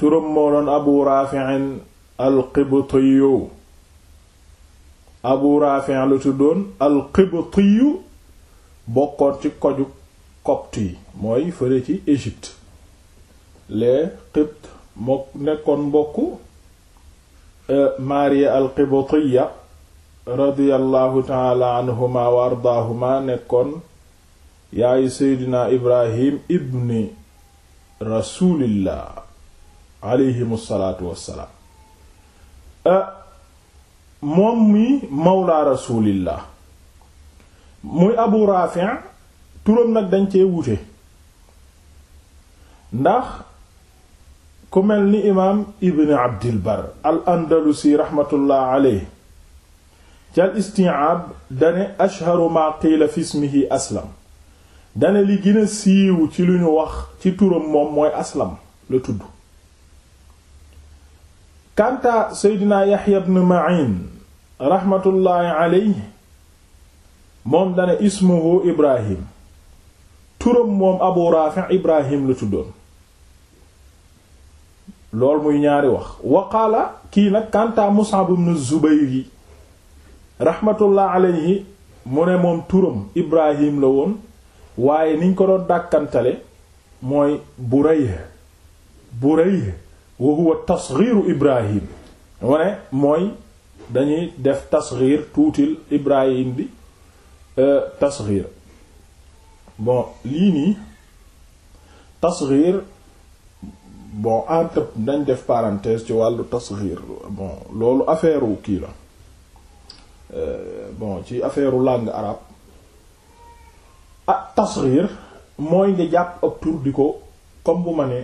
turam moo doon abu raafi'in alqibtiyu abu raafi'in la tuddoon alqibtiyu bokkoon ci koju copte yi mooy fëre ci Égypte les Qibte nekkoon mbokku euh, Maariya al-Qibtiyya radiyallahu taala anhuma wa ardaahuma nekkoon yaayu seydina Ibrahim ibni rasulillah aleyhim salaatu wassalaam ah, moom mi mawla rasulillah muy abu raafi turam nag dañ cee wute ndax ku mel ni imaam ibn abdil bar al andalusi raxmatullah aleyhi ci al dane ashharu ma qiila aslam dane li gën a ci lu ñu wax ci turam moom mooy aslam la tudd kanta seydina yaxya bnu ma'in raxmatullaahi alayhi moom dana ismuhu ibrahim turam moom abu raafi ibrahim la tuddoon lool muy ñaari wax waqaala kii nag kanta mus'ab bnu zubayri raxmatullaahi alayhi mu ne moom turam ibrahim la woon waaye niñ ko doon dàkkantale mooy burayh burayh wa huwa tasghiru ibrahim mu mooy dañuy def tasghir tuutil ibrahim bi euh, tasghir bon lii nii tasghir bon entre dañ def parenthèse ci wàllu tasghir bon loolu affaire kii la euh, bon ci affaire u langue arabe ah tasghir mooy nga jàpp ab tur di ko comme bu ma ne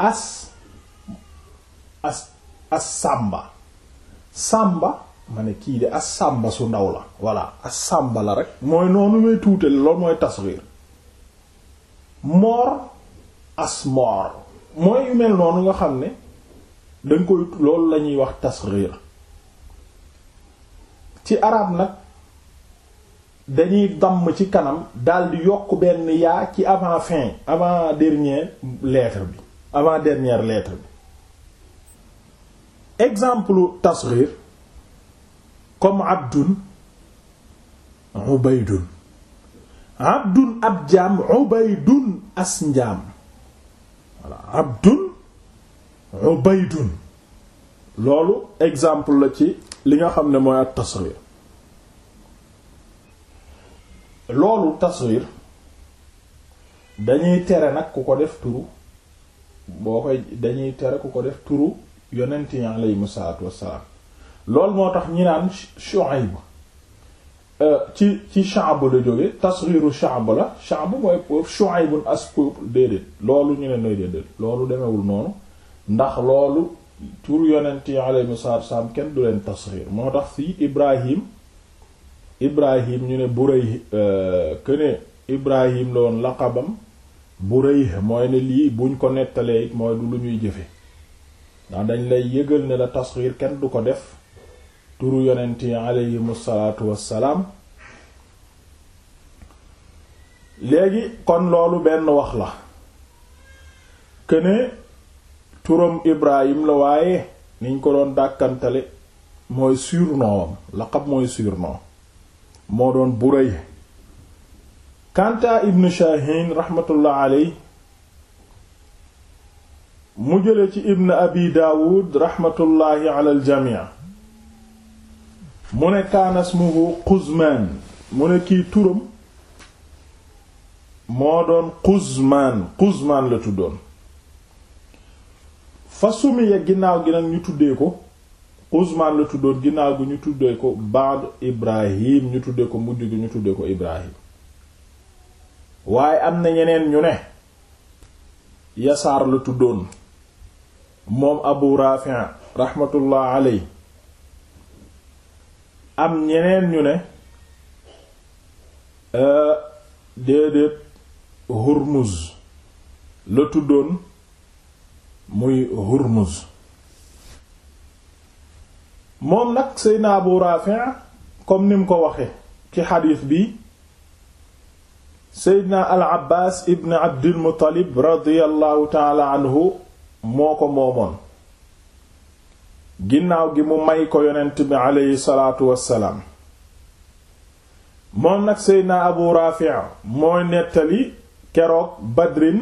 as as as sàmba sàmba ma ne kii de as sàmba su ndaw la voilà as sàmba la rek mooy noonu may tuutale loolu mooy tasxiir moor as moor mooy yu noonu nga xam ne danga koy loolu lañuy wax tasxiir ci arab nag dañuy damm ci kanam daldi yokk benn yaa ci avant fin avant dernier lettre bi avant dernière lettre bi exemple tasghir comme abdun ubaydun abdun ab jaam ubaydun as njaam voilà abdun ubaydun loolu exemple la ci li nga xam ne mooy at tasghir loolu tasghir dañuy tere nag ku ko def turu boo koy dañuy tere ku ko def turu yonent yi aleyhimu salaatu wassalaam loolu moo tax ñi naan Shuayb euh, ci ci sha'b la jóge tasghiru sha'b la sha'b mooy peuple Shuaybun as peuple déedéet loolu ñu ne nooy déedéet loolu demewul noonu ndax loolu tur yonent yi aleyhimu salaatu kenn du leen tasghir moo tax fii Ibrahim Ibrahim ñu ne Burayh këne euh, Ibrahim la woon laqabam bu rëy mooy ne lii buñ ko nettalee it mooy du lu ñuy jëfe ndax dañ lay yëgal ne la tasxiir kenn du ko def turu yonent yi aleyhimu salaatu wassalaam léegi kon loolu benn wax la këne turam Ibrahim la waaye niñ ko doon dàkkantale mooy surnom am laqab mooy surnom moo doon Burayh kanta ibn shahin raxmatullah aley mu jële ci ibn abi daawud raxmatullaahi ala aljamii mu ne kaana ismuhu quzmaan mu ne kii turam moo doon quzmaan quzmaan la tuddoon fa sumiya ginnaaw gi nag ñu tuddee ko quzmaan la tuddoon ginnaaw gi ñu tuddee ko baad ibrahim ñu tuddee ko mujj gi ñu tuddee ko ibrahim waaye am na ñeneen ñu ne yasaar la tuddoon moom abu rafi raxmatullah aley am ñeneen ñu ne euh, déedéet hurmuz la tuddoon muy hurmuz moom nag seydna abu rafi comme ni mu ko waxe ci xadiis bii seydna al abbaas ibn abdil muttalib radiallahu taala moo ko moomoon ginnaaw gi mu may ko yonent bi aleyhi salaatu wassalaam moom nag seydna abu raafi' mooy nettali keroog badrin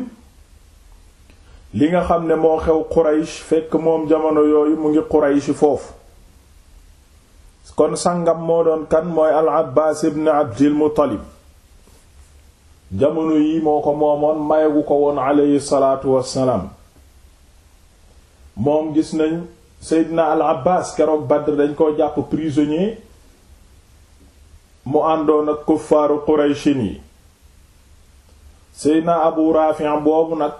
li nga xam ne moo xew quraysh fekk moom jamono yooyu mu ngi quraysh foofu kon sangam moo doon kan mooy al abbaas ibn abdil muttalib jamono yi moo ko moomoon mayagu ko woon aleyhi salaatu wassalaam moom gis nañ Seydina al Abbas keroog Badr dañ ko jàpp prisonnier mu àndoon ak kuffaaru Qurayshin yi Seydina Abu Rafi boobu nag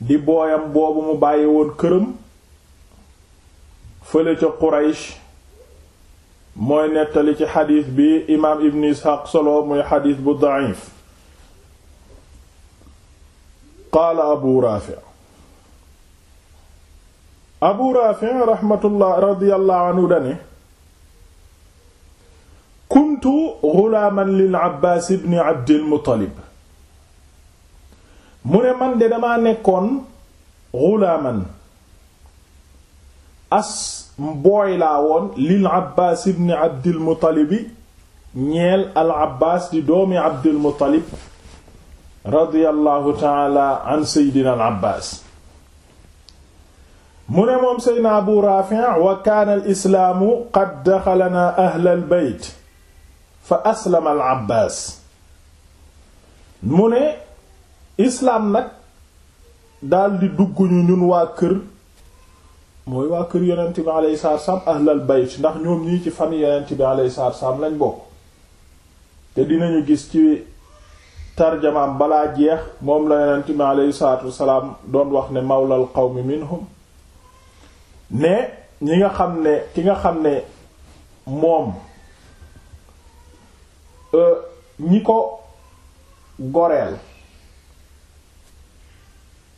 di booyam boobu mu bàyyi woon këram fële ca Quraysh mooy nettali ci xadiis bi imaam ibn isxaaq solo muy xadiis bu da'if qaala abu raafi abu raafi raxmatullah radiyallahu anhu dane kuntu lil abbaas ibn abdil muttalib mu ne man de damaa nekkoon gulaaman as mbooy laa woon lil abbaas ibni abdil muttalibi ñeel al abbaas di doomi abdil muttalib radiyallahu an seydina al abbaas mu ne moom seydina abu raafi' wa al islaamu qad daxalanaa ahlal beyt fa aslama al abbaas mu ne islaam nag daldi dugguñu ñu ñun waa kër mooy waa kër yonent bi alayhi salaatu salaam ahlal bayt ndax ñoom ñii ci fan yonent bi alayhi salaatu salaam lañ bokk te dinañu gis ci tarjamaam balaa jeex moom la yonent bi alayhi salaatu salaam doon wax ne mawlal mi minhum ne ñi nga xam ne ki nga xam ne moom euh, ñi ko goreel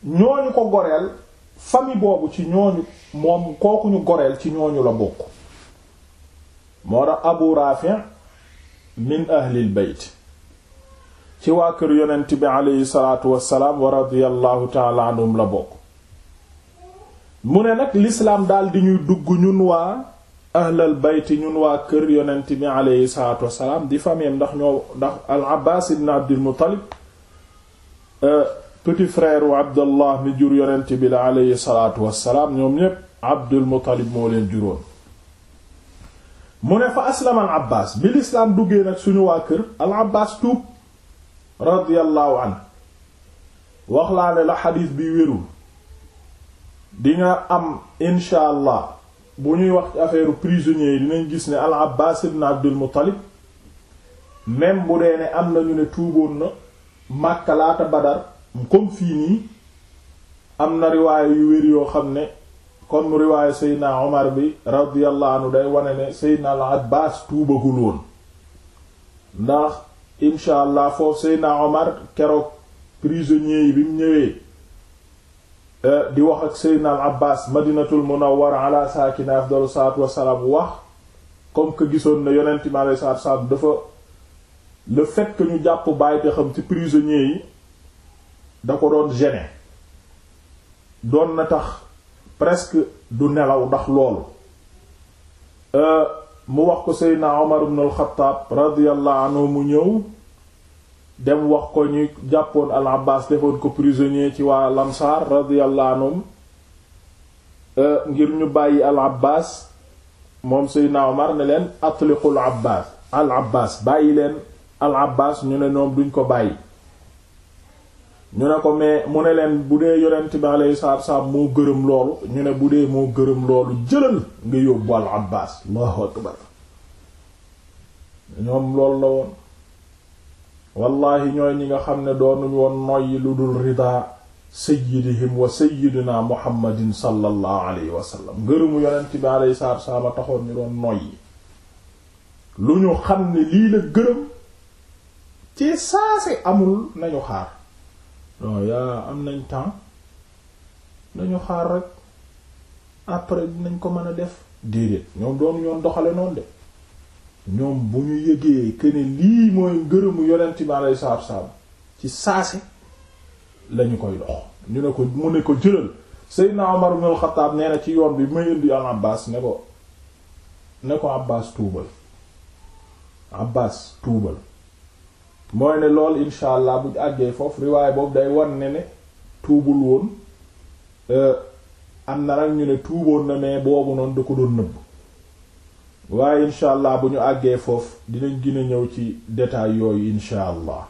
ñooñu ko goreel famille boobu ci ñooñu moom kooku ñu goreel ci ñooñu la bokk moo tax abu rafi min ahlil beyt ci waa kër yonent bi aleyhi salaatu wassalaam wa radiyallahu taala anhum la bokk mu ne nag lislaam daal di ñuy dugg ñun waa ahlal bayt ñun waa kër yonent bi aleyhi salaatu wassalaam di famille ndax ñoo ndax al abbaas ibn abdil muttalib euh, petit frère wu abdallah mi jur yonent bi la aleyhi salaatu wassalaam ñoom ñépp abdul muttalib moo leen juróon mu ne fa aslamal abbaas bi lislaam duggee nag suñu waa kër al abbaas tuub radiyallahu an wax laa ne la xadiis bi wérul dinga am insha bu ñuy wax ci affaire prisonniers yi dinañ gis ne al abbaas ibn abdul muttalib même bu dee ne am nañu ne tuuboon na màkka laata badar comme fii nii am na riwaaya yu wér yoo xam ne comme riwaaya seydna omar bi radiyallahu anhu day wane ne seydna al abbas tuubagul ndax incha allah foofu seydna omar keroog prisonnier yi bi mu ñëwee euh, di wax ak seydna al abbas madinatul munawwara ala saakina afdalu salaatu wassalaam wax comme que gisoon na yonent mi alayhi salaatu dafa le fait ñu jàpp bàyyi te xam ci prisonnier yi da ko doon gêner doon na tax presque du nelaw ndax loolu euh, mu wax ko Seydina Omar ibn al-Khattab radiyallahu mu ñëw dem wax ko ñu jàppoon al-Abbas defoon ko prisonnier ci waa Lamsaar radiyallahu anhum euh, ngir ñu bàyyi al-Abbas moom Seydina Omar ne leen atliqul Abbas al-Abbas bàyyi leen al-Abbas ñu ne ñoom duñ ko bàyyi ñu ne ko mais mu ne leen bu dee yonent bi alayhi salaatu wassalaam moo gërëm loolu ñu ne bu dee moo gërëm loolu jëlal nga yóbbu al Abbaas Allahu akbar ñoom loolu la woon wallahi ñooy ñi nga xam ne doonuñu woon noyyi lu dul ridaa sayyidihim wa sayyidina muhammadin sallallahu alayhi wa sallam ngërëmu yonent bi alayhi sa wassalaam a taxoon ñu doon noyyi lu amul nañu xaar non yaa am nañ temps nañu xaar rek après dinañ ko mën a def déedéet ñoom doon ñoon doxale noonu de ñoom bu ñu yëgee que lii mooy gërëmu yonent bi alayhi salaatu wassalaam ci saasi lañu koy dox ñu ne ko mu ne ko jëlal Seydina Umar ibn al-Khattab nee ci yoon bi may indi al Abbas ne ko ne ko Abbas tuubal Abbas tuubal mooy ne lool insha allah bu àggee foofu riwaay boobu day wan ne ne tuubul woon eh, am na nag ñu ne tuuboon na mais boobu noonu da ko doon nëbb waaye insha allah bu ñu àggee foofu dinañ gën a ñëw ci détail yooyu insha allah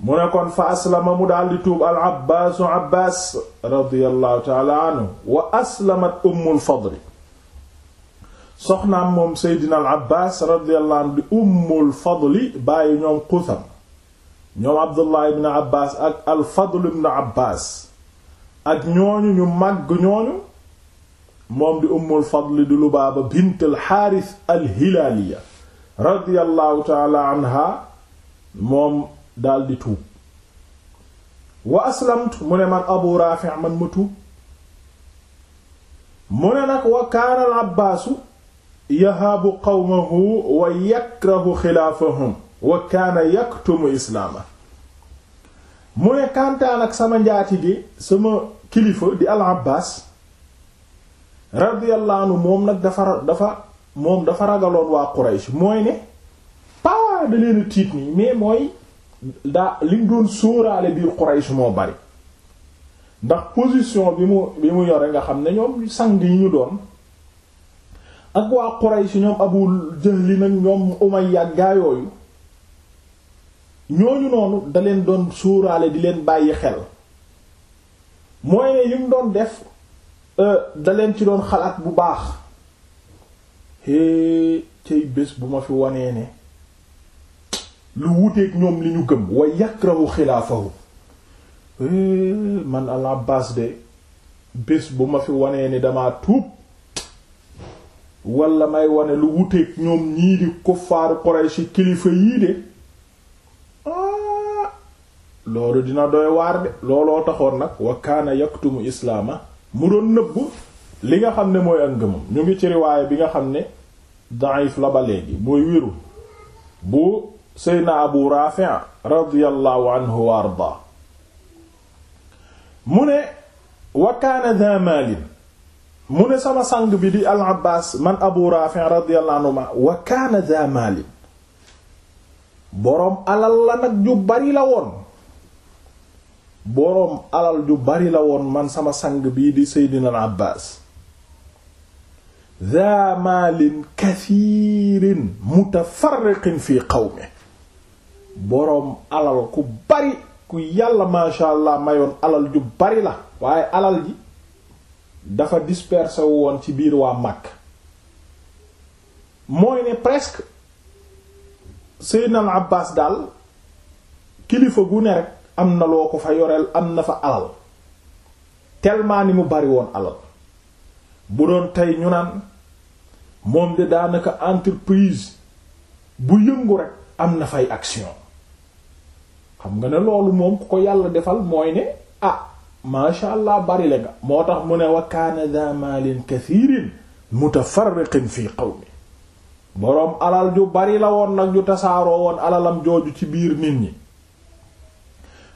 mu ne kon fa aslama mu daldi tuub al abbaasu abbaas radiyallahu taala anhu wa aslamat ummul fadli soxnaam moom Seydina al Abbaas radiyallahu anhu di ummul fadli bàyyi ñoom Qusam ñoom Abdullah ibn Abbaas ak al Fadl ibn Abbaas ak ñooñu ñu màgg ñooñu moom di ummul fadli di Lubaaba bint al Haaris al Hilaaliya radiyallahu taala anha moom daldi tuub wa aslamtu mu ne man Abu Raafi' man ma tuub mu ne nag wa kaana al Abbaasu yahaabu qawmahu wa yakrahu xilaafahum wa kaana yaktumu islaama mu kantaan ak sama njaati gi sama kilifa di al abbaas radiyallahu anhu moom nag dafa dafa moom dafa ragaloon waa Quraysh mooy ne paa da leen tiit nii mais mooy daa liñ doon sóoraale biir Quraysh moo bari ndax position bi mu bi mu yore nga xam ne ñoom sang yi ñu doon ak waa Quraysh ñoom Abu Jahl nag ñoom Umayya gaa yooyu ñooñu noonu da doon suuraale di leen bàyyi xel mooy ne doon def euh, da leen ci doon xalaat bu baax hee bu ma fi wanee ne lu wuteeg ñoom li ñu gëm wa yakrahu xilaafahu man al Abbaas de bés bu ma fi wanee ni damaa tuub wala may wane lu wuteeg ñoom ñii di kuffaaru Quraysh kilifa yii de ah, loolu dina doy waar de looloo taxoon nag wa kaana yaktumu islaama mu doon nëbbu li nga xam ne mooy ak ñu ngi ci riwaaya bi nga xam ne da'if la ba léegi mooy wiru bu seyna abu raafi' radiyallahu anhu wa arda mu ne wa kaana mu ne sama sang bi di al abbas man abu rafi radiyallahu anhuma wa kaana za maalin boroom alal la nag ju bari la woon boroom alal ju bari la woon man sama sang bii di seydina al abbas za maalin kathirin mutafarriqin fi qawmi boroom alal ku bari ku yàlla masha allah mayoon alal ju bari la waaye alal ji dafa dispersé woon ci biir waa Makka mooy ne presque Seydina al Abbas daal kilifa gu ne rek am na loo ko fa yoreel am na fa alal tellement ni mu bari woon alal bu doon tey ñu naan moom de daanaka entreprise bu yëngu rekk am na fay action xam nga ne loolu moom ku ko yàlla defal mooy ne ah maasha allah bari la nga moo tax mu ne wa kaana daa maalin kathirin mutafarriqin fi qawmi boroom alal ju bari la woon nag ju tasaaroo woon alalam jooju ci biir nit ñi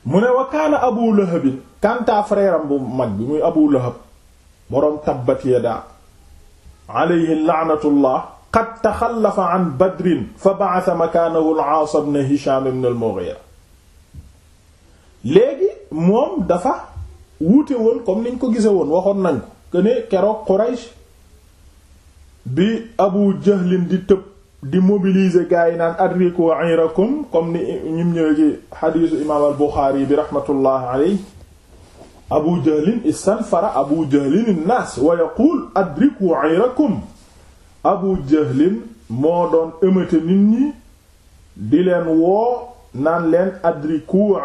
mu ne wa kaana abu lahabin kantaa frère am bu mag bi muy abu lahab boroom tabbat yadaa alayhi la'natullah qad taxallafa an badrin fa ba'atha makaanahu al-aas ibn hisham ibn al-mughira léegi moom dafa wuute woon comme niñ ko gise woon waxoon nañ ko keroog Quraysh bi Abu Jahlin di tëb di mobilise gars yi naan adriku wa ayrakum comme ni ñim xadiisu imaam al Buxaari bi rahmatullah alayhi Abu Jahlin istanfara Abu Jahlin naas wa yaqul adriku wa Abu Jahlin moo doon ëmmëte nit ñi di leen woo naan leen adriku wa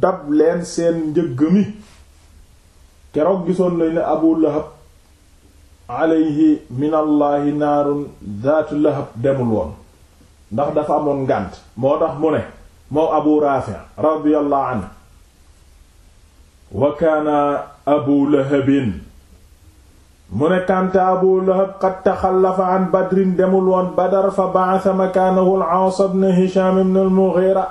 dab leen seen njëgg mi keroog gisoon lañ ne abu lahab alayhi minallaahi naarun zaatu lahab demul woon ndax dafa amoon ngànt moo tax mu ne moo abu raafi radiyallahu anhu wa kaana abu lahabin mu ne kànta abu lahab qad taxallafa an badrin demul woon badar fa ba'atha makaanahu al-aas ibn hisham ibn al-mughira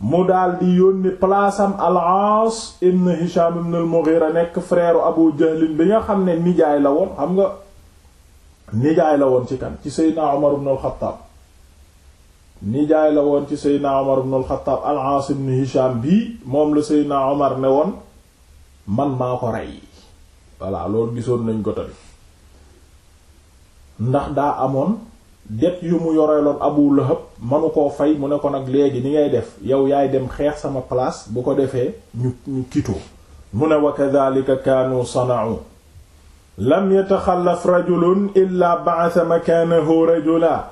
mu daal di yónni palaasam al-Aas ibn Hisham ibn al-Mughira nekk freeru Abu Jahl bi nga xam ne nijaay la woon xam nga nijaay la woon ci kan ci Seydina Umar ibn al-Khattab nijaay la woon ci Seydina Umar ibn al-Khattab al ibn Hisham bii moom la Seydina Umar ne woon man maa ko rey voilà loolu gisoon nañ ko tamit ndax daa amoon det yu mu yoreeloon Abu Lahab manu koo fay mu ne ko nag léegi ni ngay def yow yaay dem xeex sama place bu ko defee ñu ñu kitoo mu ne wa kadhalika kaanu sana'u lam yataxallaf rajulun illa ba'atha makaanahu rajula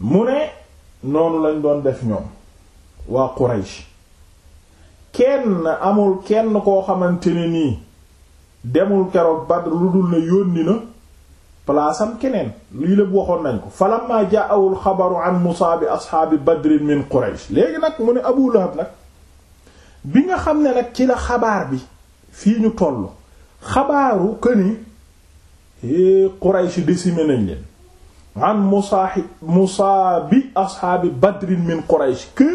mu ne noonu lañ doon def ñoom waa Quraysh kenn amul kenn koo xamante ne nii demul keroog Badr lu dul ne yónni na palaasam keneen lii lépp waxoon nañ ko falamma jaa'awul xabaru an musaabi ashaabi badrin min quraysh léegi nag mu ne abu lahab nag bi nga xam ne nag ci la xabaar bi fii ñu toll xabaaru këni hee eh, quraysh décimé nañ leen an musaa bi ashaabi badrin min quraysh que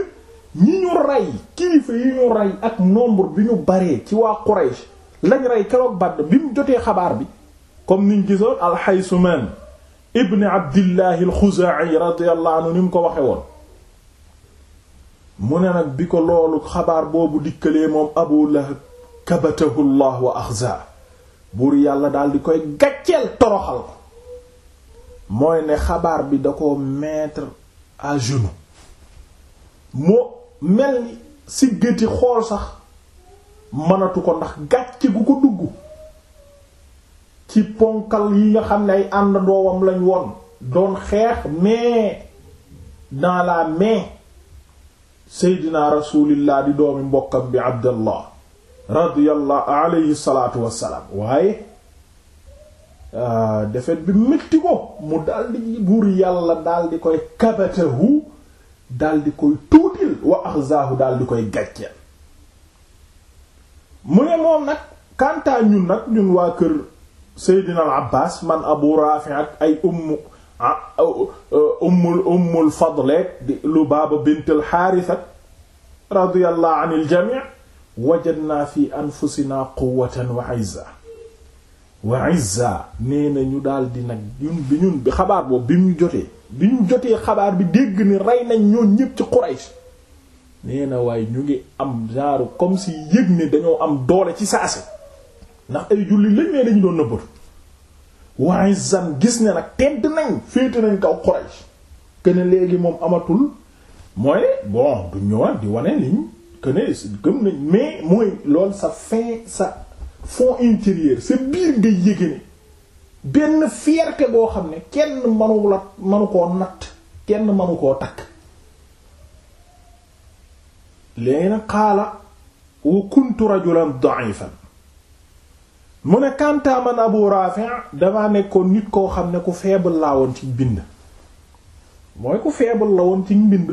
ñi ñu rey kilifa yi ñu rey ak nombre bi ñu baree ci waa quraysh lañ rey keroog Badr bi mu jotee xabaar bi comme niñ gisoon alxaysumaan ibn abdillahi alxuzaa'i radiyallahu anhu ni mu ko waxe woon mu ne nag bi ko loolu xabaar boobu dikkalee moom abu lahab kabatahu allah wa axzaa buur yàlla daal di koy gàcceel toroxal ko mooy ne xabaar bi da ko mettre à genoux moo mel siggati xool sax mënatu ko ndax gàcce gu ko dugg ci ponkal yi nga xam ne ay ànd doowam lañ woon doon xeex mais naa la main seydina rasulillah di doomi mbokkam bi abdallah radiyallahu alayhi salaatu wassalaam waaye euh, defet bi métti ko mu daldi buur yàlla daldi koy kabatahu daldi koy tuutil wa axzaahu daldi koy gàcceel mu ne moom nag kantaa ñun nag ñun waa kër Seydina al Abbas man Abu Rafi ak ay ummu ah, uh, ummul ummul fadleek di Lubaaba bint al Haaris ak radiyallahu an il jamii wajadna fi anfusina quwwatan wa izza wa izza nee na ñu daal nag ñun bi ñun bi xabaar boobu bi mu jotee bi ñu jotee xabaar bi dégg ni rey nañ ñoon ñépp ci Quraysh nee na waaye ñu ngi am genre comme si yëg ne dañoo am doole ci saase ndax ay julli lañ ne dañu doon nëbbatu waaye zan gis ne nag tedd nañ féete nañ kaw Quraysh kene léegi moom amatul mooy bon du ñëwaat di wane liñ kene gëm nañ mais mooy lool sa fin sa fond intérieur sa biir nga yëge ne benn fierté boo xam ne kenn manu la manu koo natt kenn manu koo takk léegi nag xaala wa kuntu rajulan da'ifan mu ne Kantaa man Abu Rafi' damaa nekkoon nit koo xam ne ku feebal laa woon ci mbind mooy ku feebal la woon ci mbind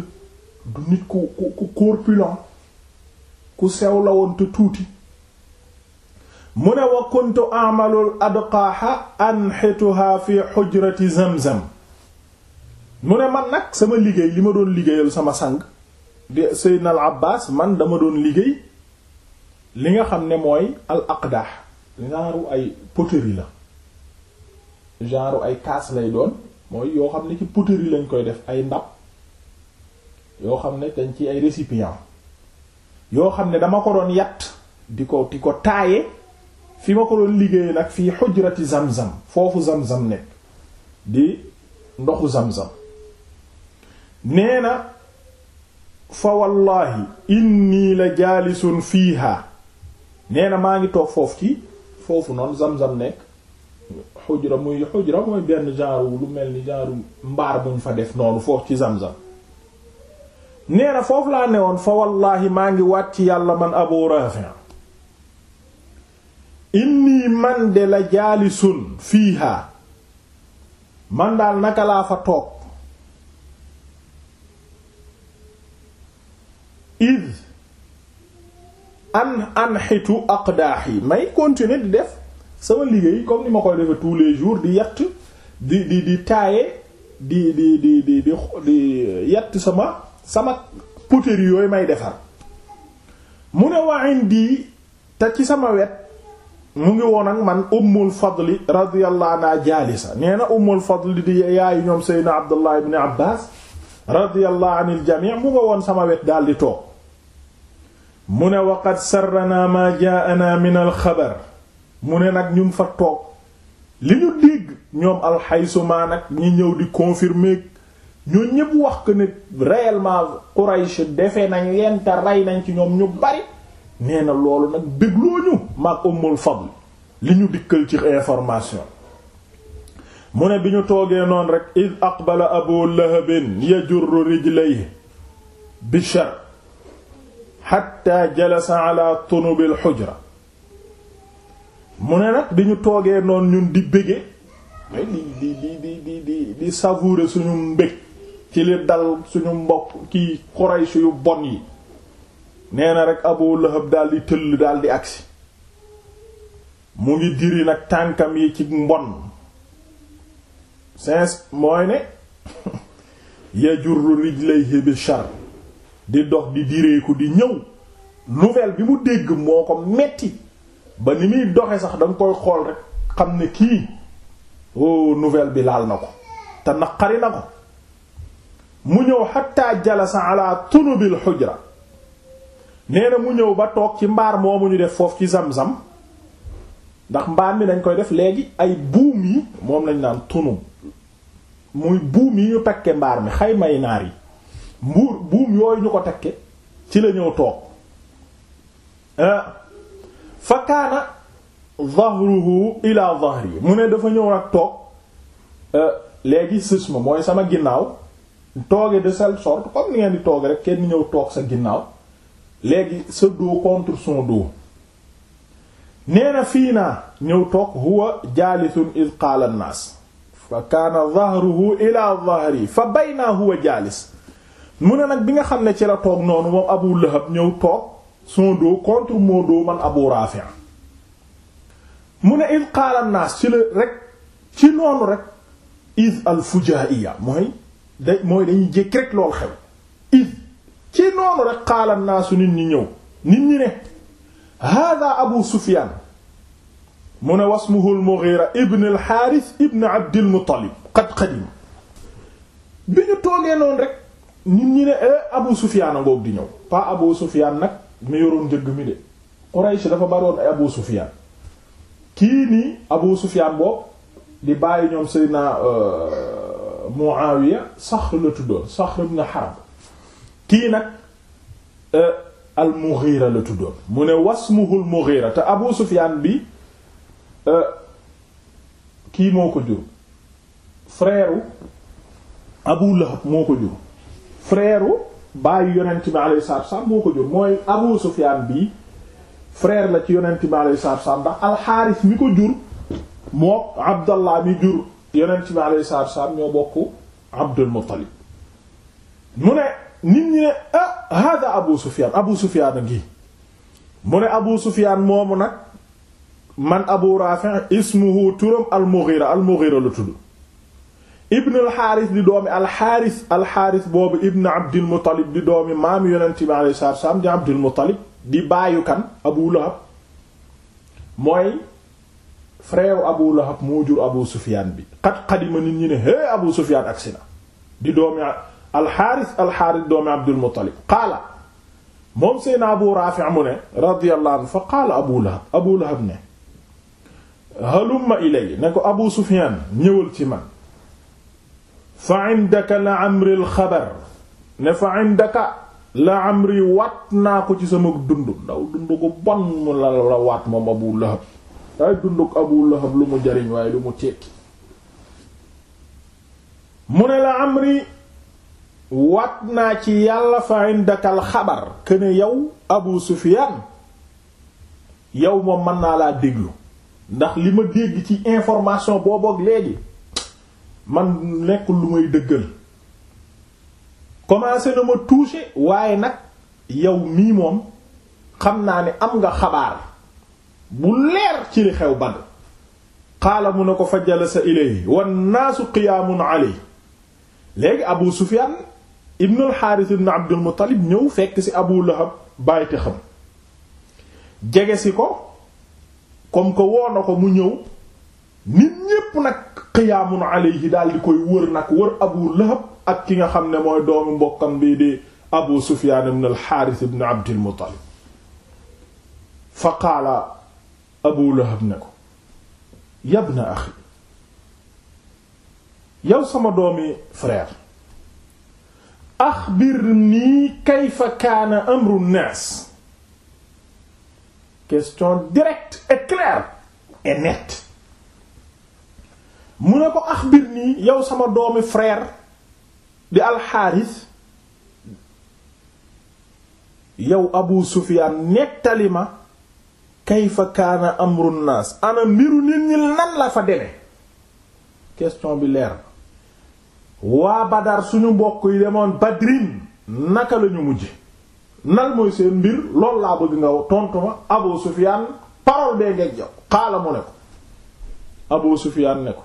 du nit ku ku ku corpulent ku sew la woon te tuuti mu ne wa kuntu a'malul adqaaha anhituha fi hujrati Zamzam mu ne man nag sama liggéey li ma doon liggéeyal sama sang di Seydina Abbaas man dama doon liggéey li nga xam ne mooy al aqdah genre ay poterie la genre ay kaas lay doon mooy yoo xam ne ci poterie lañ koy def ay ndab yoo xam ne dañ ci ay récipient yoo xam ne dama ko doon yàtt di ko di ko taaye fi ma ko doon liggéeye nag fii xujrati zam-zam foofu zam-zam nekk di ndoxu zam-zam nee na fa wallahi inni la jaalisun fiiha nee na maa ngi toog foofu ci foofu noonu zam-zam nekk xujra muy xujra mooy benn genre wu lu mel ni genre mbaar buñ fa def noonu foofu ci zam-zam foofu laa ne woon fa wallaahi maa ngi wàcc yàlla man abu rafi inni man de la jaalisun fiiha man daal naka laa fa toog an an xitu aqdaax yi may continuer di def sama liggéey comme ni ma koy defee tous les jours di yatt di di di taaye di di di di di di yatt sama sama poterie yooyu may defar mu ne waa indi te ci sama wet mu ngi woon ak man ummul fadli radiyallahu anha jaalisa nee na ummul fadli di yaayu ñoom seydna abdullah ibn abbas radiyallahu anil jami' mu nga woon sama wet daal di toog mu ne waqad sarranaa maa jaa'anaa min xabar mu ne nag ñun fa toog li ñu dégg ñoom alxaysumaa nag ñi ñëw di confirmer ñoo ñépp wax que ne réellement Quraysh defe na leen te rey nañ ci ñoom ñu bari nee na loolu nag dégloo ñu maag Ummul Fadl li ñu dikkal ci information mu ne bi ñu toogee noonu rek id aqbala Abu Lahabin yajurru rijlayhi bishar xatta jalasa ala tunubil xujra mu ne nag di ñu toogee noonu ñun di bëgge di di di di di suñu mbég ci li dal suñu mbokk ki Quraysh yu bon yi neena na rek Abu Lahab daldi tëll daldi agsi mu ngi diri nag tànkam yi ci mbon sens mooy ne yajurru rijlayhi bi shar di dox di direeku di ñëw nouvelle bi mu dégg moo ko metti ba ni muy doxe sax da koy xool rek xam ne kii oh nouvelle bi laal na ko te naqari na ko mu ñëw xatta jalasa ala tunubil xujra nee na mu ñëw ba toog ci mbaar moomu ñu def foofu ci zam sam ndax mbaar mi dañ koy def léegi ay buum yi moom lañ naan tunub muy buum yi ñu takke mbaar mi xaymay naar yi mbuur buum yooyu ñu ko tekke ci la ñëw toog eh? fa kaana dhahruhu ila dhahri mu ne dafa ñëw nag toog eh, léegi sës mooy sama ginnaaw tooge de telle sorte comme ni ngeen di tooge rek kenn ñëw toog sa ginnaaw léegi sa dos contre son dos nee fii naa ñëw toog huwa jaalisun id qaala an naas fa kaana dhahruhu ila dhahri fa baynaa huwa jaalis mu ne nag bi nga xam ne ci la toog noonu moom Abu Lahab ñëw toog son dos contre mon dos man Abu Rafi' mu ne id qaala naas ci la rek ci noonu rek id al fujaiya mooy da mooy dañuy jékk rek lool xew id ci noonu rek qaala naasu nit ñi ñëw nit ñi ne hada Abu Sufyan mu ne wasmuhu al Mughira ibn al Harith ibn Abd al Muttalib qad qadim bi ñu toogee noonu rek nit ñi ne eh, Abu Sufyaan a ngoog di ñëw pas Abu Sufyaan nag mi yoroon njëgg mi de Quraysh dafa baroon ay Abu Sufyaan kii nii Abu Sufyaan boobu di bàyyi ñoom Seydina euh, Muawiya Saxr la tuddoon Saxr ibn Harb kii nag euh, al-Mughira la tuddoon mu ne wasmuhu al-Mughira te Abu Sufyaan bi euh, kii moo ko jur frère Abu Lahab moo ko jur frère baayu yonent bi alayhi salaatu salaam moo ko jur mooy Abu Sufyaan bii frère la ci yonent bi alayhi salaatu salaam ndax alxaaris mi ko jur mook Abdallah mi jur yonent bi alayhi salaatu salaam ñoo bokk Abdul Muttalib mu ne nit ñi ne ah Abu Sufyaan Abu Sufyaan a ngi mu ne Abu Sufyaan moomu nag man Abu Raafi' ismuhu turam al-Mughira la tudd ibn alxaaris di doomi alxaaris boobu ibn abdilmutalib di doomi maami yonent bi alayhi salaatu di abdilmutalib di baayu kan abu lahab mooy frère abu lahab moo jur abu sufiyaan bi xat xadima nit ñi ne hé abu sufiyaan agsi na di doomi alxaaris alxaaris doomi abdilmutalib qaala moom seyna abu raafi mu ne radiyallahu anhu fa qaala abu lahab abu lahab ne halumma ilay ne ko abu sufiyaan ñëwal ci man fa indaka la amri alxabar ne fa indaka la amri waat naa ko ci sama dund ndaw dund ko bon mu la la waat moom abu lahab ay dund abu lahab lu mu jariñ waaye lu mu tekki mu ne la amri waat naa ci yàlla fa indaka alxabar këne yow abu sufiyaan yow moom mën naa laa déglu ndax li ma dégg ci information boobook léegi man nekkul lu may dëggal commencé na ma toucher waaye nag yow mii moom xam naa ni am nga xabaar bu leer ci li xew ba xaala mu na ko fa jalasa ilayhi wan naasu qiyaamun alayhi léegi Abu Sufyaan ibn al-Haaris ibn Abdul Muttalib ñëw fekk ci Abu Lahab bàyyite xam jege si ko comme que woo na ko mu ñëw nit ñépp nag xiyaamun alayhi daal di koy wër nag wër abu lahab ak ki nga xam ne mooy doomu mbokkam bi di abu sufyaan ibn alxaaris ibn abdil muttalib fa qaala abu lahab ne ko yabna axi yow sama doomi frère axbirnii kayfa kaana amru nnaas question directe et claire et nette mu ne ko mbir nii yow sama doomi frère di alxaaris yow abu sufiyaan nettali ma kayfa kaana amru naas ana mbiru nit ñi nan la fa deme question bi leer waa badar suñu mbokk yi demoon badrin naka lañu mujje nan mooy seen mbir loolu laa bëgg nga tontu ma abu sufiyaan parole bee ngeen jox ne ko abu sufiyaan ne ko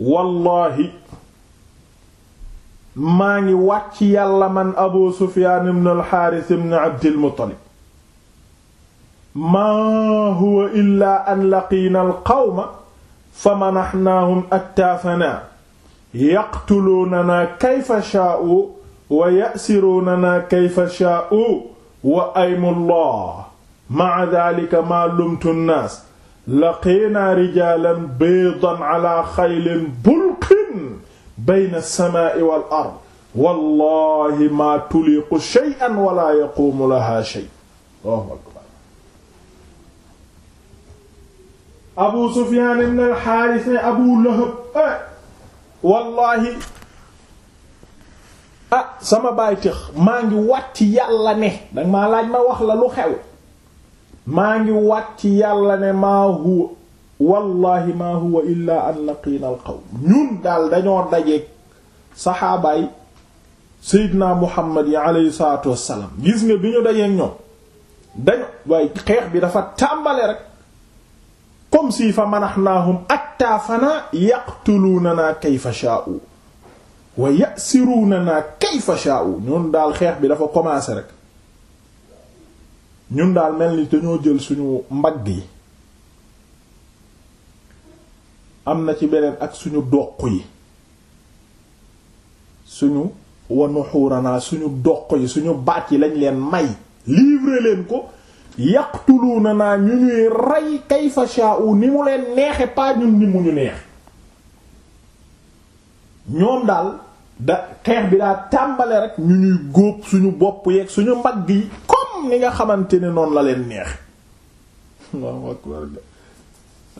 wallahi maa ngi wàcc yàlla man abu sufyaan ibn alxaaris ibn abdilmuttalib maa huwa illaa an laqiina alqawma fa manaxnaahum attaafanaa yaqtuluunanaa kayfa shaa'u wa yasiruunanaa kayfa shaa'u wa aymu llah ma'a daalika maa lumtu nnaas laqiinaa rijaalan biidan ala xaylin bulqin bayna as-samaa'i wal ard wallahi maa tuliqu shay'an wala yaquumu lahaa shay Allahu akbar Abu Sufyaan ibn al-Haaris ne Abu Lahab eh, wallahi ah sama baay tëx maa ngi wàcc yàlla ne danga maa laaj ma wax la lu xew maa ngi wàcc yàlla ne maa huwa wallahi maa huwa illaa an laqiina al qawm ñun daal dañoo dajeeg saxaabaay seydina muhammad yi aleyhi salaatu wassalaam gis nga bi ñu dajeeg ñoom dañu waaye xeex bi dafa tàmbale rek comme si fa manaxnaahum aktaafanaa yaqtuluunanaa kayfa shaa'u wa yasiruunanaa kayfa shaa'u ñun daal xeex bi dafa commencé rek ñun daal mel ni dañoo jël suñu mbagg yi am na ci beneen ak suñu doq yi suñu wanu xuuranaa suñu doq yi suñu baat yi lañ leen may livrer leen ko yaqtuluuna naa ñu ñuy rey kayfa sha'u ni mu leen neexe pas ni mu ñu neex ñoom daal da xeex bi daa tàmbale rek ñu ñuy góob suñu bopp yeeg suñu mbagg yi comme ni nga xamante ne noonu la leen neex Allahu akbar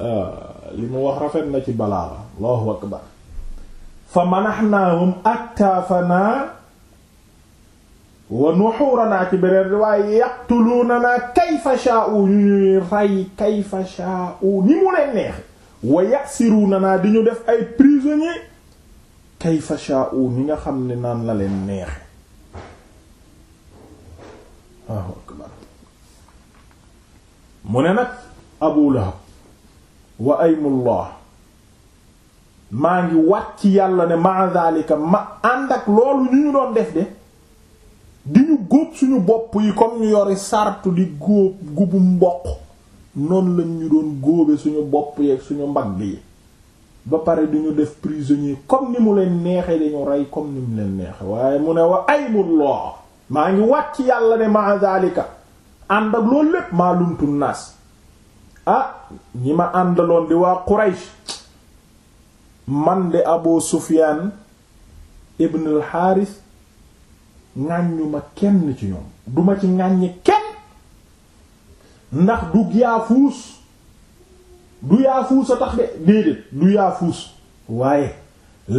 ah, li mu wax rafet na ci balaa Allahu akbar fa manaxnaahum aktaafanaa wa nuxuuranaa ci beneen riwaay yaqtuluunanaa kayfa shaa'u ñu ñuy rey kayfa shaa'u ni mu leen neex wa yasiruunanaa di ñu def ay prisonnier kayfa shaa'u ni nga xam ne naan la leen neex Allahu mu ne nag Abu Lahab wa aymullah maa ngi wàcc yàlla ne ma daalika ma ànd ak loolu ñu ñu doon def de di ñu góob suñu bopp yi comme ñu yori sartu di góob gubu mboq noonu lañ ñu doon góobe suñu bopp yi ak suñu mbagg yi ba pare du ñu def prisonnier comme ni mu leen neexe dañu rey comme ni mu leen neexe waaye mu ne wa aymullah maa ngi wàcc yàlla ne maa zalika ànd ak loolu lépp maa lumtun naas ah ñi ma àndaloon di waa Quraysh man de Abu Sufyaan ibn al ŋàññu ma kenn ci ñoom duma ci ŋàññi kenn ndax du yaafuus du yaafuus a tax de déedéet du yaafuus waaye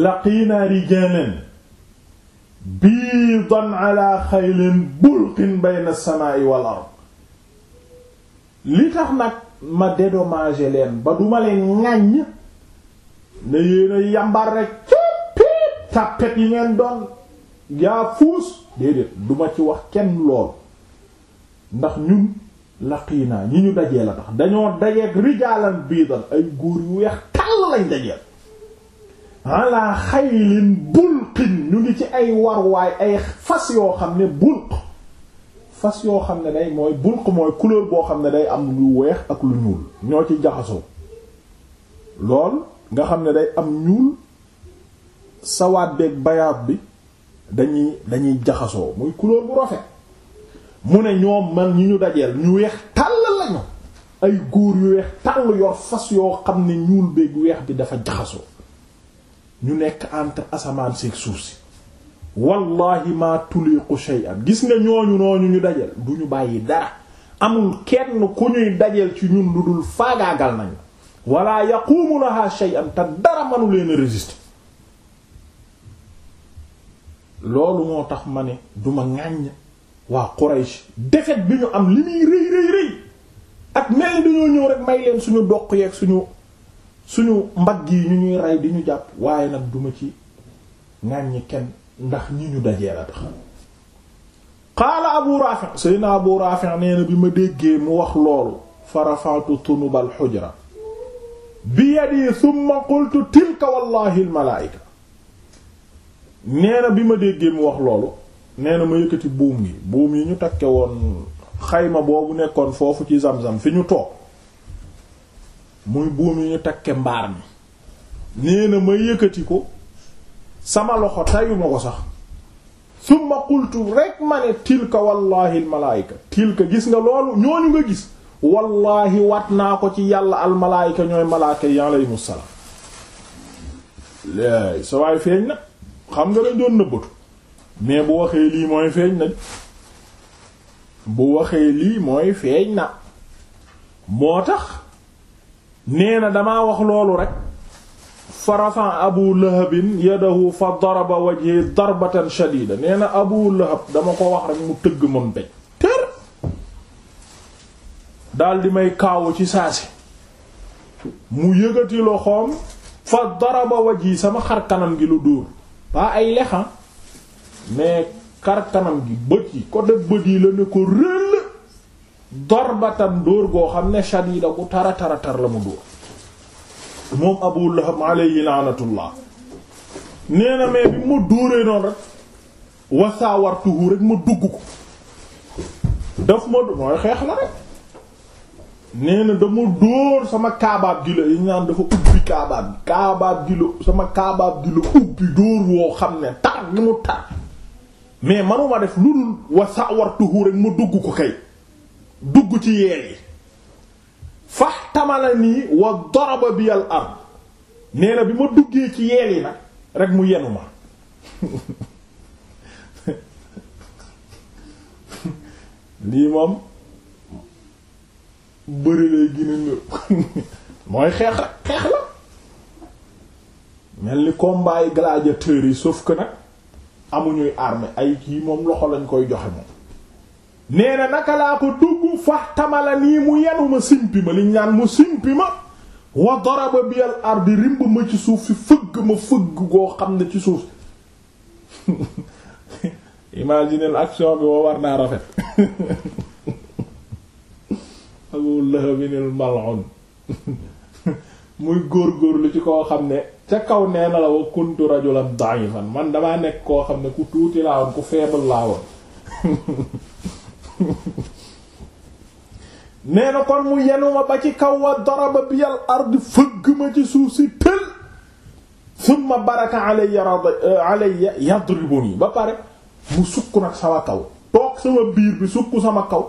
laqiina rijaalan biidan ala xaylin bulqin bayna samaa'i wal ard li tax nag ma dédommager leen ba duma leen ŋàññ ne yéen a yambar rek céppéet tàppet yi ngeen doon yaa fuus déedéet duma ci wax kenn lool ndax ñun laqiinaa ñi ñu dajee la tax dañoo dajeeg rijaalan biidan ay góor yu weex tàll lañ dajeel ala xaylin bulqin ñu ngi ci ay warwaay ay fas yoo xam ne bulq fas yoo xam ne day mooy bulq mooy couleur boo xam ne day am lu weex ak lu ñuul ñoo ci jaxasoo lool nga xam ne day am ñuul sawaat beeg bayaat bi dañuy dañuy jaxasoo muy couleur bu rafet mu ne ñoom man ñu ñu dajeel ñu weex tàll lañu ay góor yu weex tàll yor fas yoo xam ne ñuul beeg weex bi dafa jaxasoo ñu nekk entre asamaan seeg suuf si wallahi maa tuliqu shay'an gis nga ñooñu nooñu ñu dajal du ñu bàyyi dara amul kenn ku ñuy dajal ci ñun lu dul faagaagal nañu wala yaquumu laha shay'an te dara manu leen résister loolu moo tax ma ne duma ŋàññ waa Quraysh défaite bi ñu am li muy rëy rëy ak mel dañoo ñëw rek may leen suñu doq yeeg suñu suñu mbagg yi ñu ñuy rey di ñu jàpp waaye nag duma ci ŋàññ kenn ndax ñi ñu dajee la tax qaala abu raafi sayna abu raafi nee bi ma déggee mu wax loolu fa rafaatu tunubal xujra bi yadi thumma qultu tilka wallahi al bi ma déggee mu wax loolu nee na ma yëkkati buum yi buum yi ñu takke woon xayma boobu nekkoon foofu ci zamzam fi ñu toog muy buum yi ñu takke mbaar mi nee na yëkkati ko sama loxo tayuma ko sax summa qultu rek ma ne tilka wallahi almalayika tilka gis nga loolu ñooñu nga gis wallahi wat naa ko ci yàlla almalayika ñooy malaaka yi aleyhum salaam léegi sa waay feeñ na xam nga dañ doon nëbbatu mais bu waxee lii mooy feeñ na bu waxee lii mooy feeñ na moo tax nee na damaa wax loolu rek fa rafa abu lahabin yadahu fa daraba wajhi darbatan shadida nee na abu lahab dama ko wax rek mu tëgg moom dej tër daal may kaawu ci saasi mu yëgati loxoom fa daraba wajhi sama xar kanam gi lu dóor pas ay lexa ah. mais xar kanam gi bët yi ko def bët yi la ne ko rëll darbatan dóor goo xam ne shadida bu tara tara tar la mu dóor moom Abu Lahab alayhi laanatullah nee mais bi ma dóoree noonu rek wasaawartuhu rek ma dugg ko daf ma mooy xeex la rek nee na dama dóor sama kaabaab gi la yi dafa ubbi kaabaab gi la sama kaabaab gi la ubbi dóor woo xam ne tar gi mu tar mais manuma def lu dul wasaawartuhu rek ma dugg ko kay dugg ci yeel yi fahtamalani wa daraba bi al ard nee na bi ma duggee ci yeel nag rek mu yenu ma lii moom bëri lay gina ñëw mooy xeex rek xeex la mel ni combat yi gladiateurs yi sauf que nag amuñuy armée ay kii moom loxo lañ koy joxe moom nee na naka laa ko dugg faxtamala nii mu yenu ma simpi ma liñ naan mu simpi ma wa daraba bi al ardi rimb ma ci suuf fi fëgg ma fëgg goo xam ne ci suuf imaginez l'action bi moo war naa rafet Abu Lahabin al mal'un muy góorgóorlu ci koo xam ne ca kaw nee na la wa kuntu rajulan da'ifan man dama nekk koo xam ne ku tuuti laa woon ku faible laa woon nee na kon mu ma ba ci kaw wa daraba bi al ard fëgg ma ci suuf si tël ma baraka alayya euh, alayya yadribuni ba pare mu sukk nag sama kaw toog sama biir bi sukk sama kaw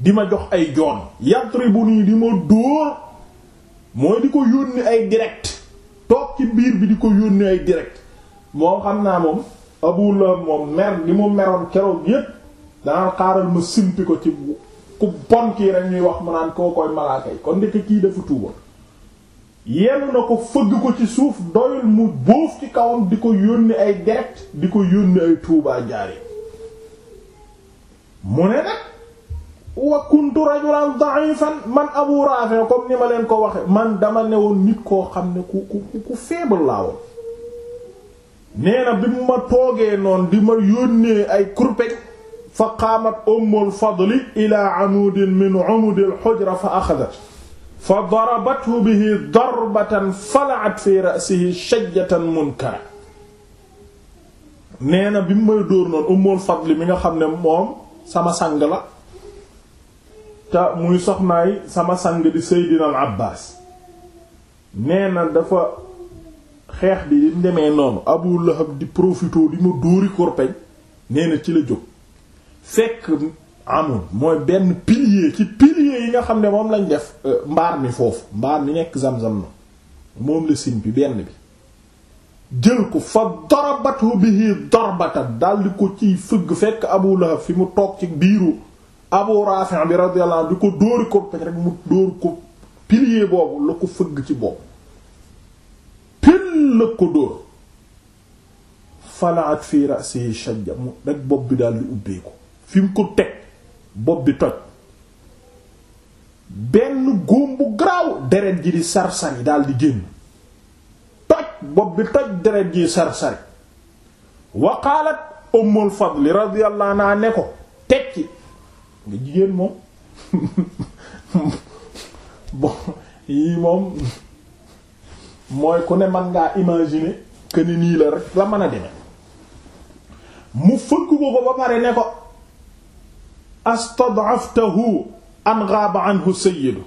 di ma jox ay joon yi di ma dóor mooy di ko yónni ay direct toog ci biir bi di ko yónni ay direct moom xam naa moom Abu moom mer li mu meroon keroog yépp danaan xaaral ma simpi ko ci ku bon rek ñuy wax mu naan koo koy malaaka yi kon ndekk kii dafa tuuba yenn na ko fëgg ko ci suuf doyul mu bóof ci kaw di ko yónni ay deret di ko yónni ay tuubaa jaare mu ne nag wa kuntu rajulan da'ifan man abu rafi comme ni ma leen ko waxe man dama ne woon nit koo xam ne ku ku ku faible laa woon nee na bi mu ma toogee noonu di ma yónnee ay kurpeñ fa qaamat ummul fadli ila amuudin min umudil xujra fa axadat fa darabathu bihi darbatan falaat fi ra'sihi shajjatan munkara nee na bi mu may dóor noonu ummul fadli mi nga xam ne moom sama sang la te muy soxnaay sama sang di Seydina Abbaas nee na dafa xeex bi di demee noonu Abu Lahab di profité di ma dóori korpeñ nee na ci la jóg fekk amul mooy benn pilier ci pilier yi nga xam ne moom lañ def euh, mbaar mi foofu mbaar mi nekk zam-zam na moom la simpi benn bi jël ko fa darabatu bihi darbatan daldi ko ciy fëgg fekk Abu Lahab fi mu toog ci biiru Abu Rafi bi radiyallahu di ko dóori dóor ko pilier boobu la ko fëgg ci boobu pil la ko dóor falaat fii ra'sihi shajja mu rek bopp bi di ubbeeku fi ko teg bopp bi toj benn góom bu garaaw deret ji di sarsari daal di génn toj bopp bi toj deret ji sarsari wa qalat ummul fadli radiyallahu anha ne ko teg ci nga jigéen moom bon yii moom mooy ku ne man ngaa imaginer que nii la rek la mën a demee mu fëgg ko ko ba pare ne ko astadaftahu an ghaba anhu sayyidu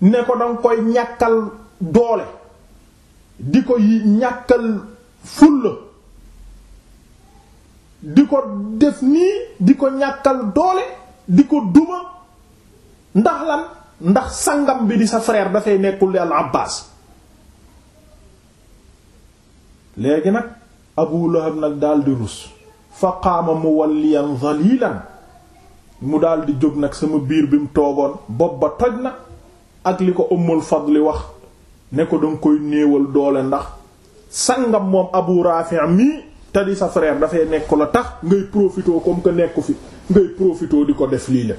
ne ko danga koy ñàkkal doole di ko ñàkkal fulla di ko def nii di ko ñàkkal doole di ko duma ndax lan ndax sangam bi di sa frère dafay nekkul al Abbaas léegi nag Abu Lahab nag daldi rus fa qaama muwalliyan dhalilan mu daal di jóg nag sama biir bi mu toogoon bopp ba toj na ak li ko Ummul Fadli wax ne ko danga koy néewal doole ndax sangam moom Abu Rafi mii te di sa frère dafay nekk la tax ngay profitoo comme que nekku fi ngay profitoo di ko def lii la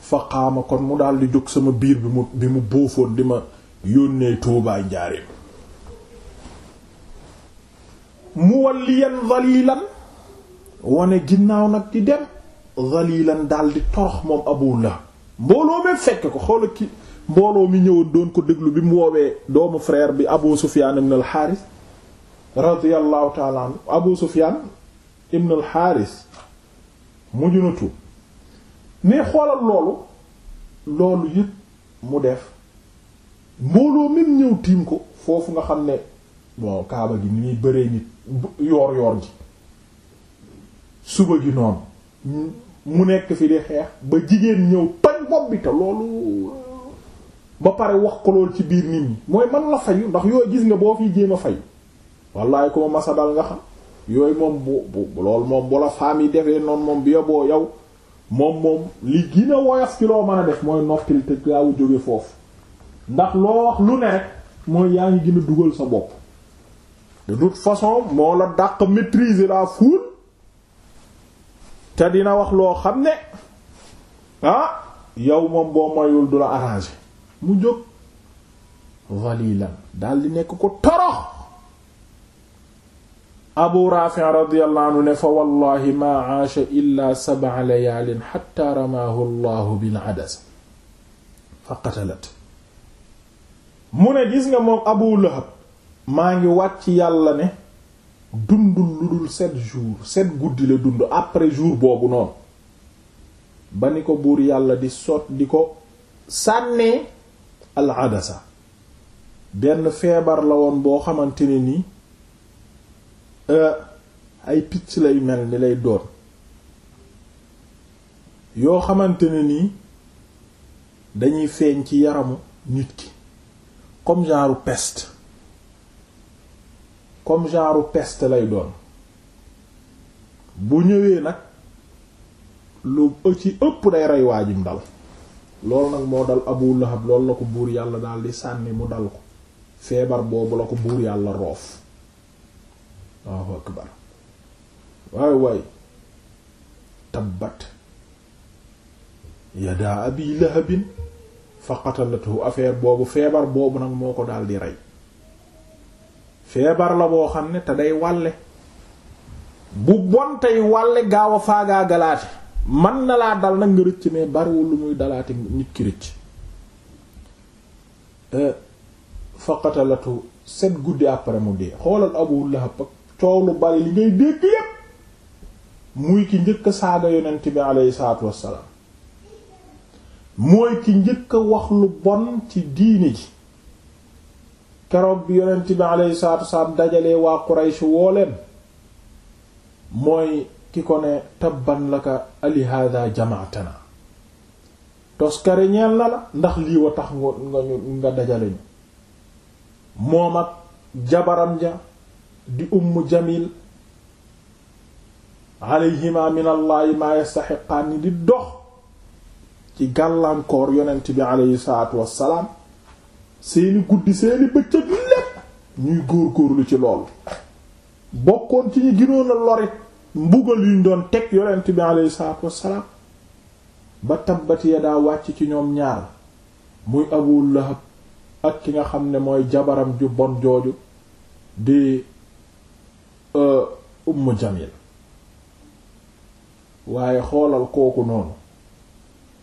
fa kon mu daal di jóg sama biir bi mu bi di ma yónnee Tuubaa njaarim mu walliyan zalilan wane ginnaaw nag di dem zalilan daal di torox moom abu la mbooloo mee fekk ko xoola ki mbooloo mi ñëwoon doon ko déglu bi mu woowee doomu frère bi abu sufyan ibn al xaaris radiallahu taala anhu abu sufyan ibn al xaaris mujj na xoolal loolu loolu yëpp mu def mbooloo mi ñëw tiim ko foofu nga xam ne bon kaaba gi ni muy bëree nit yoor yoor gi suba gi noonu mu nekk fi di xeex ba jigéen ñëw toj bopp bi te loolu ba pare wax ko lool ci biir nit ñi mooy man la fayu ndax yooyu gis nga boo fi jéem a fay wallaay ko ma masa dal nga xam yooyu moom bu bu loolu moom bu la femme yi defee noonu moom bi yoboo yow moom moom li gën a woyof ci loo mën a def mooy noftil te gaawu jóge foofu ndax loo wax lu ne rek mooy yaa ngi gën dugal sa bopp de toute façon moo la dàq maîtriser la foule te dina wax loo xam ne ah boo moyul du la arranger mu jóg valilan daal di nekk ko torox abu raafi radiyallahu anhu ne fa wallahi ma aasha illa sab'a layaalin hatta ramaahu allahu bil adas fa qatalat mu ne gis nga moom abu lahab maa ngi wàcc yàlla ne dundul lu dul sept jours sept guddi la dund après jour boobu noonu ba ni ko buur yàlla di sot di ko sànnee al adasa benn feebar la woon boo xamante ne ni euh, ay picc lay mel ni lay doon yoo xamante ne ni dañuy feeñ ci yaramu nit ki comme genre peste comme genre peste lay doon bu ñëwee nag lu ci ëpp day rey waajim dal loolu nag moo dal Abu Lahab loolu la ko buur yàlla daal di sànni mu dal ko feebar boobu la ko buur yàlla roof waaw akbar waay waay tabbat yadaa abi lahabin fa qatalathu affaire boobu feebar boobu nag moo ko daal di rey feebar la boo xam ne te day wàlle bu bon tey wàlle gaaw a faagaa galaate man na laa dal nag nga rëcc mais bariwul lu muy dalaate nit ki rëcc euh, faqatalatu set guddi après mu dee xoolal Abu Lahab ak coow lu bari li ngay dégg yépp muy ki njëkk saaga yonent bi aleyhi salaatu wassalaam mooy ki njëkk a wax lu bon ci diini ji keroog bi yonent bi alayhi salaatu wasalaam dajalee waa Quraysh woo leen mooy ki ko ne tabban laka alihaada jamaatana toskare na la ndax lii wa tax nga nga dajale ñu moom ak jabaram ja di umm jamil alayhima min allaahi maa yastaxiqaan ni di dox ci gàllankoor yonent bi alayhi salaatu wasalaam seeni guddi seeni bëccëg lépp ñuy góorgóorlu ci loolu bokkoon ci ñi ginoon a lorit mbugal yuñ doon teg yonent bi alayhi salaatu wassalaam ba tabbat ya daa wàcc ci ñoom ñaar muy Abu Lahab ak ki nga xam ne mooy jabaram ju bon jooju di uh, Ummu Jamil waaye xoolal kooku noonu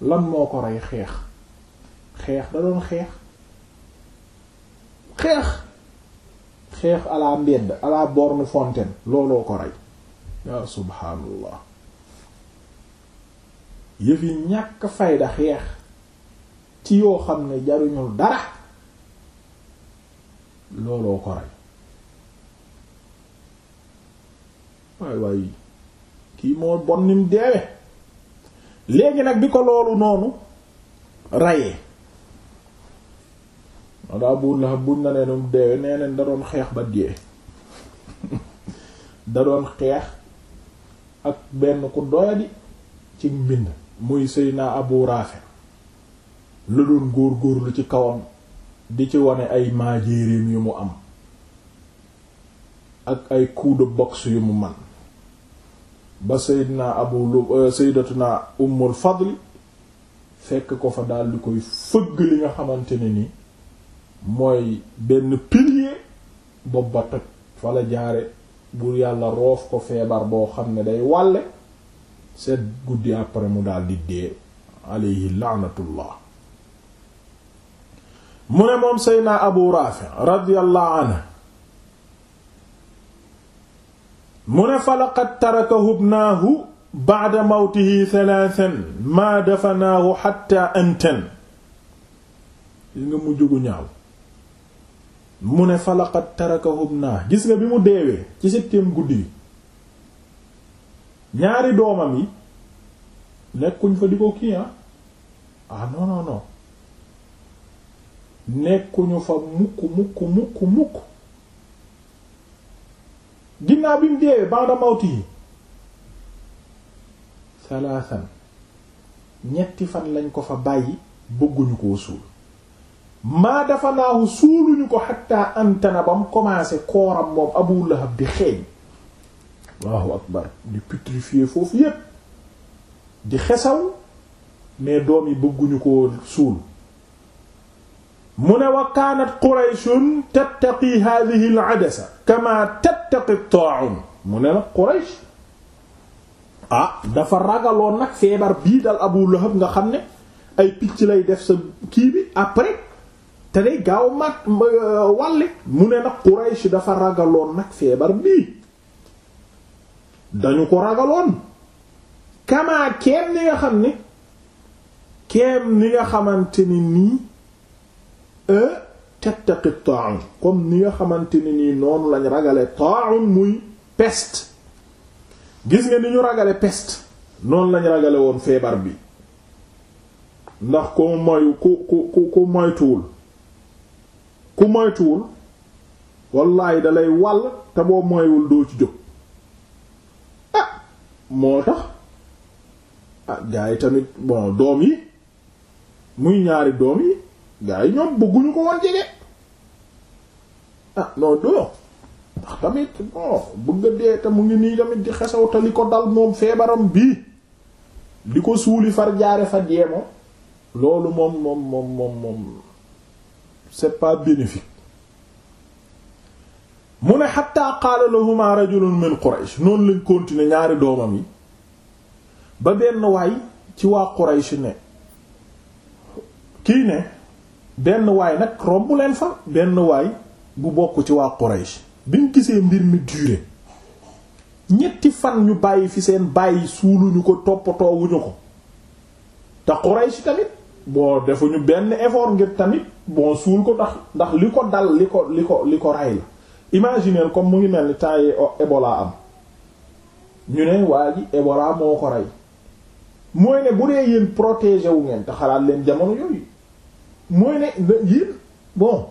lan moo ko rey xeex xeex da doon xeex xeex xeex à mbedd à la fontaine looloo ko rey yaa subhaanallah yëf yi ñàkk fayda xeex ci yoo xam ne jaruñul dara looloo ko rey waay waay kii moo bon nim deewe léegi nag bi ko loolu noonu rayee wala Abu bu buñ la nee noonu deewee nee da doon xeex ba dee da doon xeex ak benn ku doyadi ci mbind muy Seyna Abu Rafi la doon góor-góorlu ci kawam di ci wane ay maajéeréem yu mu am ak ay coup de yu mu man ba Seydina Abu Lu euh, Seydatuna Ummul Fadli fekk ko fa daal di koy fëgg li nga xamante ne nii mooy benn pilier bopp ba fa la jaare buur yàlla roof ko feebar boo xam ne day wàlle set guddi après mu dal di dee alayhi laanatullah mu ne moom seydna abu raafi radiyallahu anhu mu ne fa laqad tarakahu ibnahu ba'da mawtihi thalathan maa dafanaahu hatta antan li nga mujj gu ñaaw mu ne falaqat tarakahum naa gis nga bi mu deewee ci septième guddi gi ñaari doomam yi nekkuñ fa di ko kii ah, ah non non non nekkuñu fa mukk mukk mukk mukk ginnaaw bi mu deewee ba'da mawti yi salaasan ñetti fan lañ ko fa bàyyi bëgguñu koo suul maa dafa naahu suuluñu ko xatta antana ba mu commencé kooram moom Abu Lahab di xeeñ Allahu akbar di pétrifier foofu yépp di xesaw mais doom yi bëgguñu ko suul mu ne wa kaanat qurayshun tattaqi hadhihi al-adasa kama tattaqi mu ne nag quraysh ah dafa ragaloon nag feebar bii dal Abu Lahab nga xam ne ay picc lay def sa kii bi après te day gaaw mag euh, wàlle mu ne nag Quraysh dafa ragaloon nag feebar bii dañu ko ragaloon kamaa keem ni nga xam ne keem ni nga xamante ni nii euh, tattaqi ta'un comme ni nga xamante ni nii noonu lañ ragale ta'un muy pest gis nga ni ñu ragale pest noonu lañ ragale woon feebar bi ndax ko moyu ku ku ku moytuwul ku moytuwul wallaay dalay wàll te boo moywul doo ci jóg ah moo tax ah gaa yi tamit bon doom yi muy ñaari doom yi gaa yi ñoom bëgguñu ko woon jege ah non doo ndax tamit bon bëgg a dee te mu ngi nii tamit di xesaw te li ko dal moom feebaram bii di ko suuli far jaare fa jeemo loolu moom moom moom moom moom c'est pas bénéfique mu ne xatta qaala lahuma rajulun min Quraysh noonu lañ continuer ñaari doomam yi ba benn waay ci waa Quraysh ne kii ne benn waay nag romb leen fa benn waay bu bokk ci waa Quraysh bi gisee mbir mi duré ñetti fan ñu bàyyi fi seen bàyyi suuluñu ko toppatoowuñu ko te Quraysh tamit bon defuñu benn effort ngir tamit bon suul ko ndax ndax li ko dal li ko li ko li ko ray la imaginer comme mu ngi mel ni temps yi Ebola am ñu ne waa ji Ebola moo ko rey mooy ne bu dee yéen protégé wu ngeen te xalaat leen jamono yooyu mooy ne yéen bon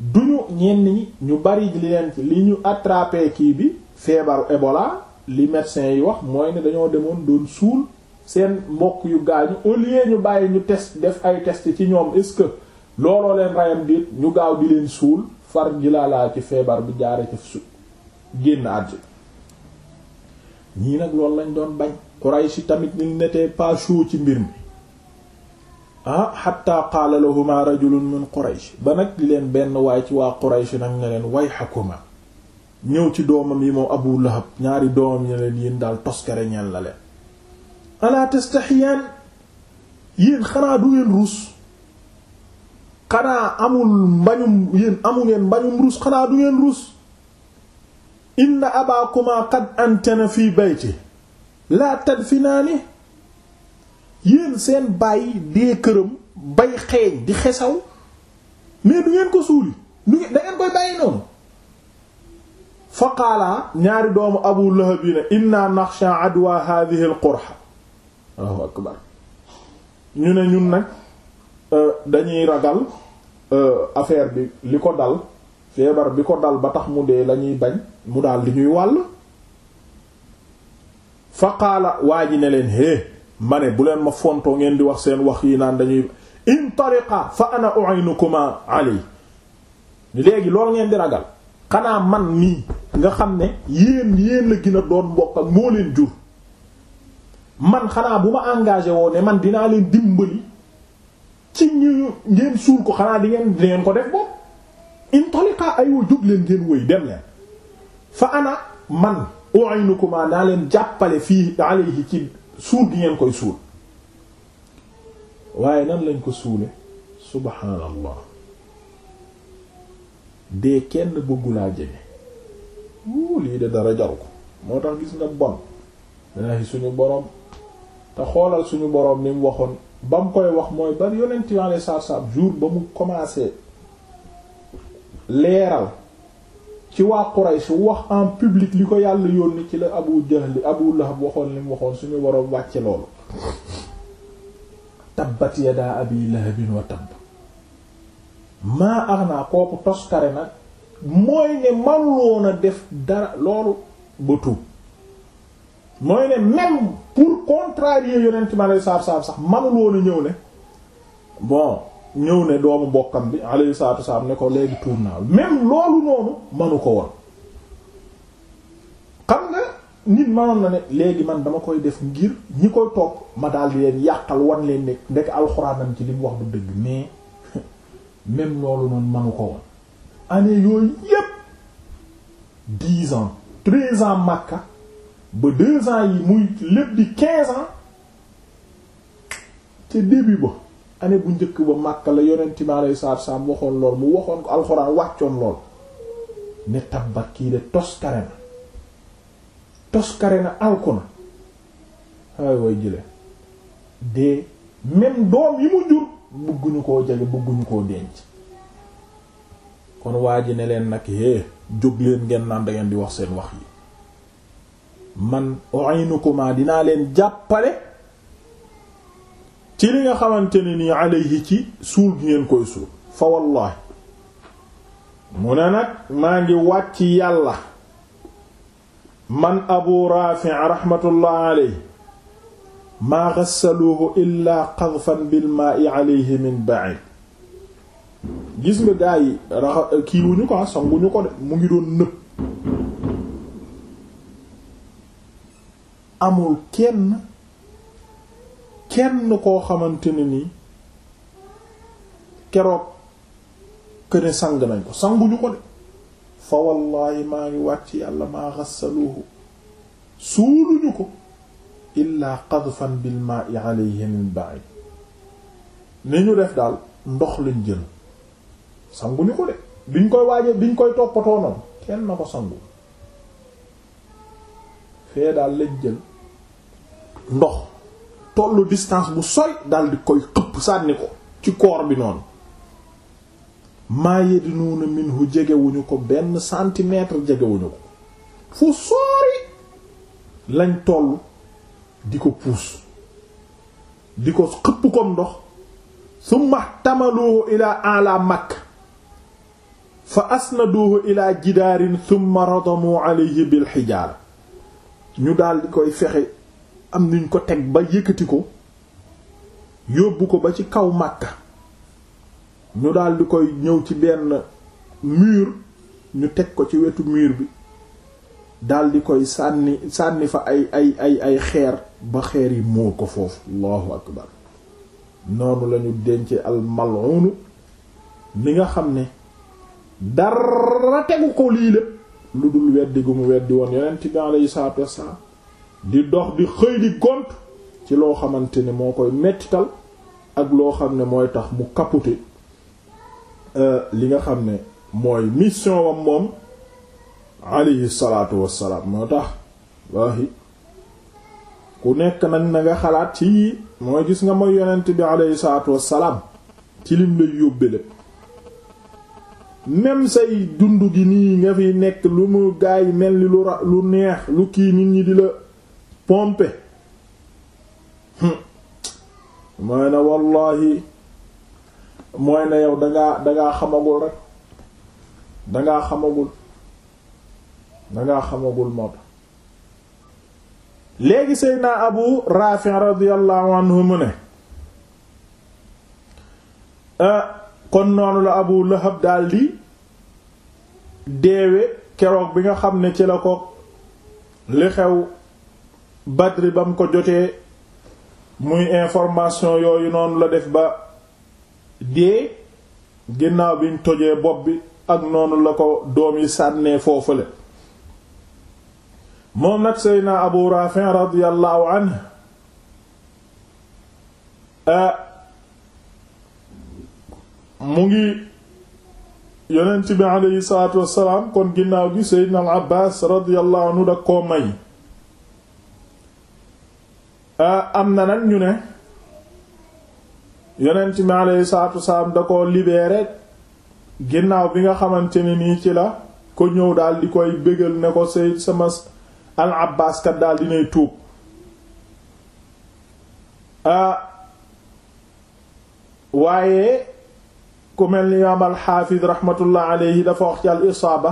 duñu ñenn ñi ñu bari li leen ci li ñu attrapé kii bi feebaru Ebola li médecin yi wax mooy ne dañoo demoon doon suul. seen mbokk yu gaañu au lieu ñu bàyyi ñu test def ay test ci ñoom est-ce que looloo leen rayam déet ñu gaaw di leen suul far jilaalaa ci feebar bi jaare ci su génn àddina ñii nag loolu lañ doon bañ Quraysh tamit il n'était pas chaud ci mbir mi ah hatta qaala lahuma rajulun min Quraysh ba nag di leen benn waay ci waa Quraysh nag ne leen wayhakuma ñëw ci doomam yi moom Abu Lahab ñaari doomam yi ne leen daal toskare ñeen la leen ala tastaxiyaan yéen xanaa du ngeen ruus xanaa amul mbañum yéen amu ngeen mbañum ruus xanaa du ngeen ruus inna abaakuma qad antana fii bayti laa tadfinaani yéen seen bàyyi dee këram bay xeeñ di xesaw mais du ngeen ko suuli du ngeen da koy bàyyi noonu fa qaala ñaari doomu abu lahab yi ne naxsha adwa hadhihi al qurha Allahu ne ñun nag euh, dañuy ragal euh, affaire bi li ko dal feebar bi ko dal ba tax mu dee lañuy bañ mu daal di ñuy wàll fa qaala waa ji ne leen hé ma ne bu leen ma fontoo ngeen di wax seen wax yi naan dañuy intariqa fa ana u'inukuma ali léegi loolu ngeen di ragal xanaa man nii nga xam ne yéen yeen la gën doon mbokk ak moo leen jur man xanaa bu ma engagé woo ne man dinaa leen dimbali ci ñu ngeen suul ko xanaa di ngeen di ngeen ko def boobu intolika aywa jóg leen ngeen wëy dem leen fa ana man u'inukuma naa leen jàppale fii alayhi ci suul di ngeen koy suul waaye nan lañ ko suule subhaanallah dee kenn bëggulaa jege wuu lii de dara jaru ko moo tax gis nga bon daay suñu borom te xoolal suñu boroom ni waxoon bam koy wax mooy ba yonent yi alayhi salaatu salaam jour ba mu commencé leeral ci waa su wax en public li ko yàlla yónni ci la Abu Jahl Abu Lahab waxoon li mu waxoon suñu boroom wàcce loolu tabbat yadaa abi lahabin wa tabb maa aghnaa kooku toskare nag mooy ne manuloon a def dara loolu ba tuub mooy ne même pour contrarier yonent mi alayhi salaatu sax manul woon ñëw ne bon ñëw ne doomu bokkam bi alayhi salaatu salaam ne ko léegi tuur naa même loolu noonu manu ko woon xam nga nit manoon na ne léegi man dama koy def ngir ñi koy toog ma daal di leen yàqal wan leen ne ndek alxuraanam ci li mu wax du dëgg mais même loolu noonu manu ko woon année yooyu yépp dix ans treize ans Makka ba deux ans yi muy lépp di quinze ans ci début ba année bu njëkk ba Makka la yonent mi alayhi salaatu wa waxoon lool mu waxoon ko alxuraan wàccoon lool ne tabbat kii de toskare na toskare na alku na ay way jële de même doom yi mu jur bëgguñu koo jege bëgguñu koo denc kon waa ji ne leen nag hé jóg leen ngeen naan da di wax seen wax yi man u'inukuma dinaa leen jàppale ci li nga xamante ne nii alayhi ci suul gi ngeen koy suul fa wallahi mu ne nag maa ngi wàcc yàlla man abu raafi raxmatullah alayhi maa xassaluuhu illaa qadfan bil maa'i alayhi min ba'id gis nga gaa yi raxa kiiwuñu ko sanguñu ko de mu ngi doon nëb amul kenn kenn koo xamante ne ni keroog këne sang nañ ko sanguñu ko de fa wallaahi maa ngi wàcc yàlla maa xassaluuhu suuluñu ko illaa qadfan bil maa'i alayhi min ba'id ni ñu def daal ndox lañ jël sanguñu ko de biñ koy waaje biñ koy toppatoo noonu kenn na ko sangu fee daal lañ jël ndox tollu distance bu sori dal di koy xëpp sànni ko ci koor bi noonu maa yadnuuna minhu jegewuñu ko benn centimètre jegewuñu ko fu sori lañ toll di ko puus di ko xëpp comme ndox summa tamaluhu ila ala makk fa asnaduhu ila jidaarin summa radamu alayhi bil xijaara ñu dal di koy fexe am nuñ ko teg ba yëkkati ko yóbbu ko ba ci kaw Makka ñu daldi koy ñëw ci benn mur ñu teg ko ci wetu mur bi daldi koy sànni sànni fa ay ay ay xeer ba xeer yi muur ko foofu allahu akbar noonu lañu dencee almalunu mi nga xam ne dara tegu ko lii lépp lu dul weddi gu mu weddi woon yonent bi alayhi salaatu wassalaam di dox di xëy di gont ci loo xamante ne moo koy mettital ak loo xam ne mooy tax mu capoter euh, li nga xam ne mooy mission wam moom alayhi salaatu wassalaam moo tax waahi ku nekk nag na nga xalaat ci yii mooy gis nga mooy yonent bi alayhi salaatu wassalaam ci lay yóbbe lépp même say dund gi nii nga fiy nekk lu mu gaay mel ni lu ra lu neex lu kii nit ñi di la pompe mooy ne wallahi mooy ne yow dangaa dangaa xamagul rek dangaa xamagul dangaa xamagul moo tax léegi seydna abu rafi radiallahu anhu mu ne ah, kon noonu la abu lahab daldi deewe keroog bi nga xam ne ci la ko li xew Badr ba mu ko jotee muy information yooyu noonu la def ba dee ginnaaw biñ tojee bopp bi ak noonu la ko doom yi sànnee foofale moom nag Seydina Abu Rafi radiyallahu anhu a mu ngi yonent bi aleyhi salaatu wassalaam kon ginnaaw gi Seydina al Abbaas radiyallahu anhu da koo may Ah, am na nag ñu ne yonent mi alayhi salaatu da ko libéré ginnaaw bi nga xamante ni nii ci la ko ñëw daal di koy bégal ne ko say sama al Abbaas kat daal dinay tuub a ah, waaye ku mel ni imaam alxaafid rahmatullah alayhi dafa wax ci al isaaba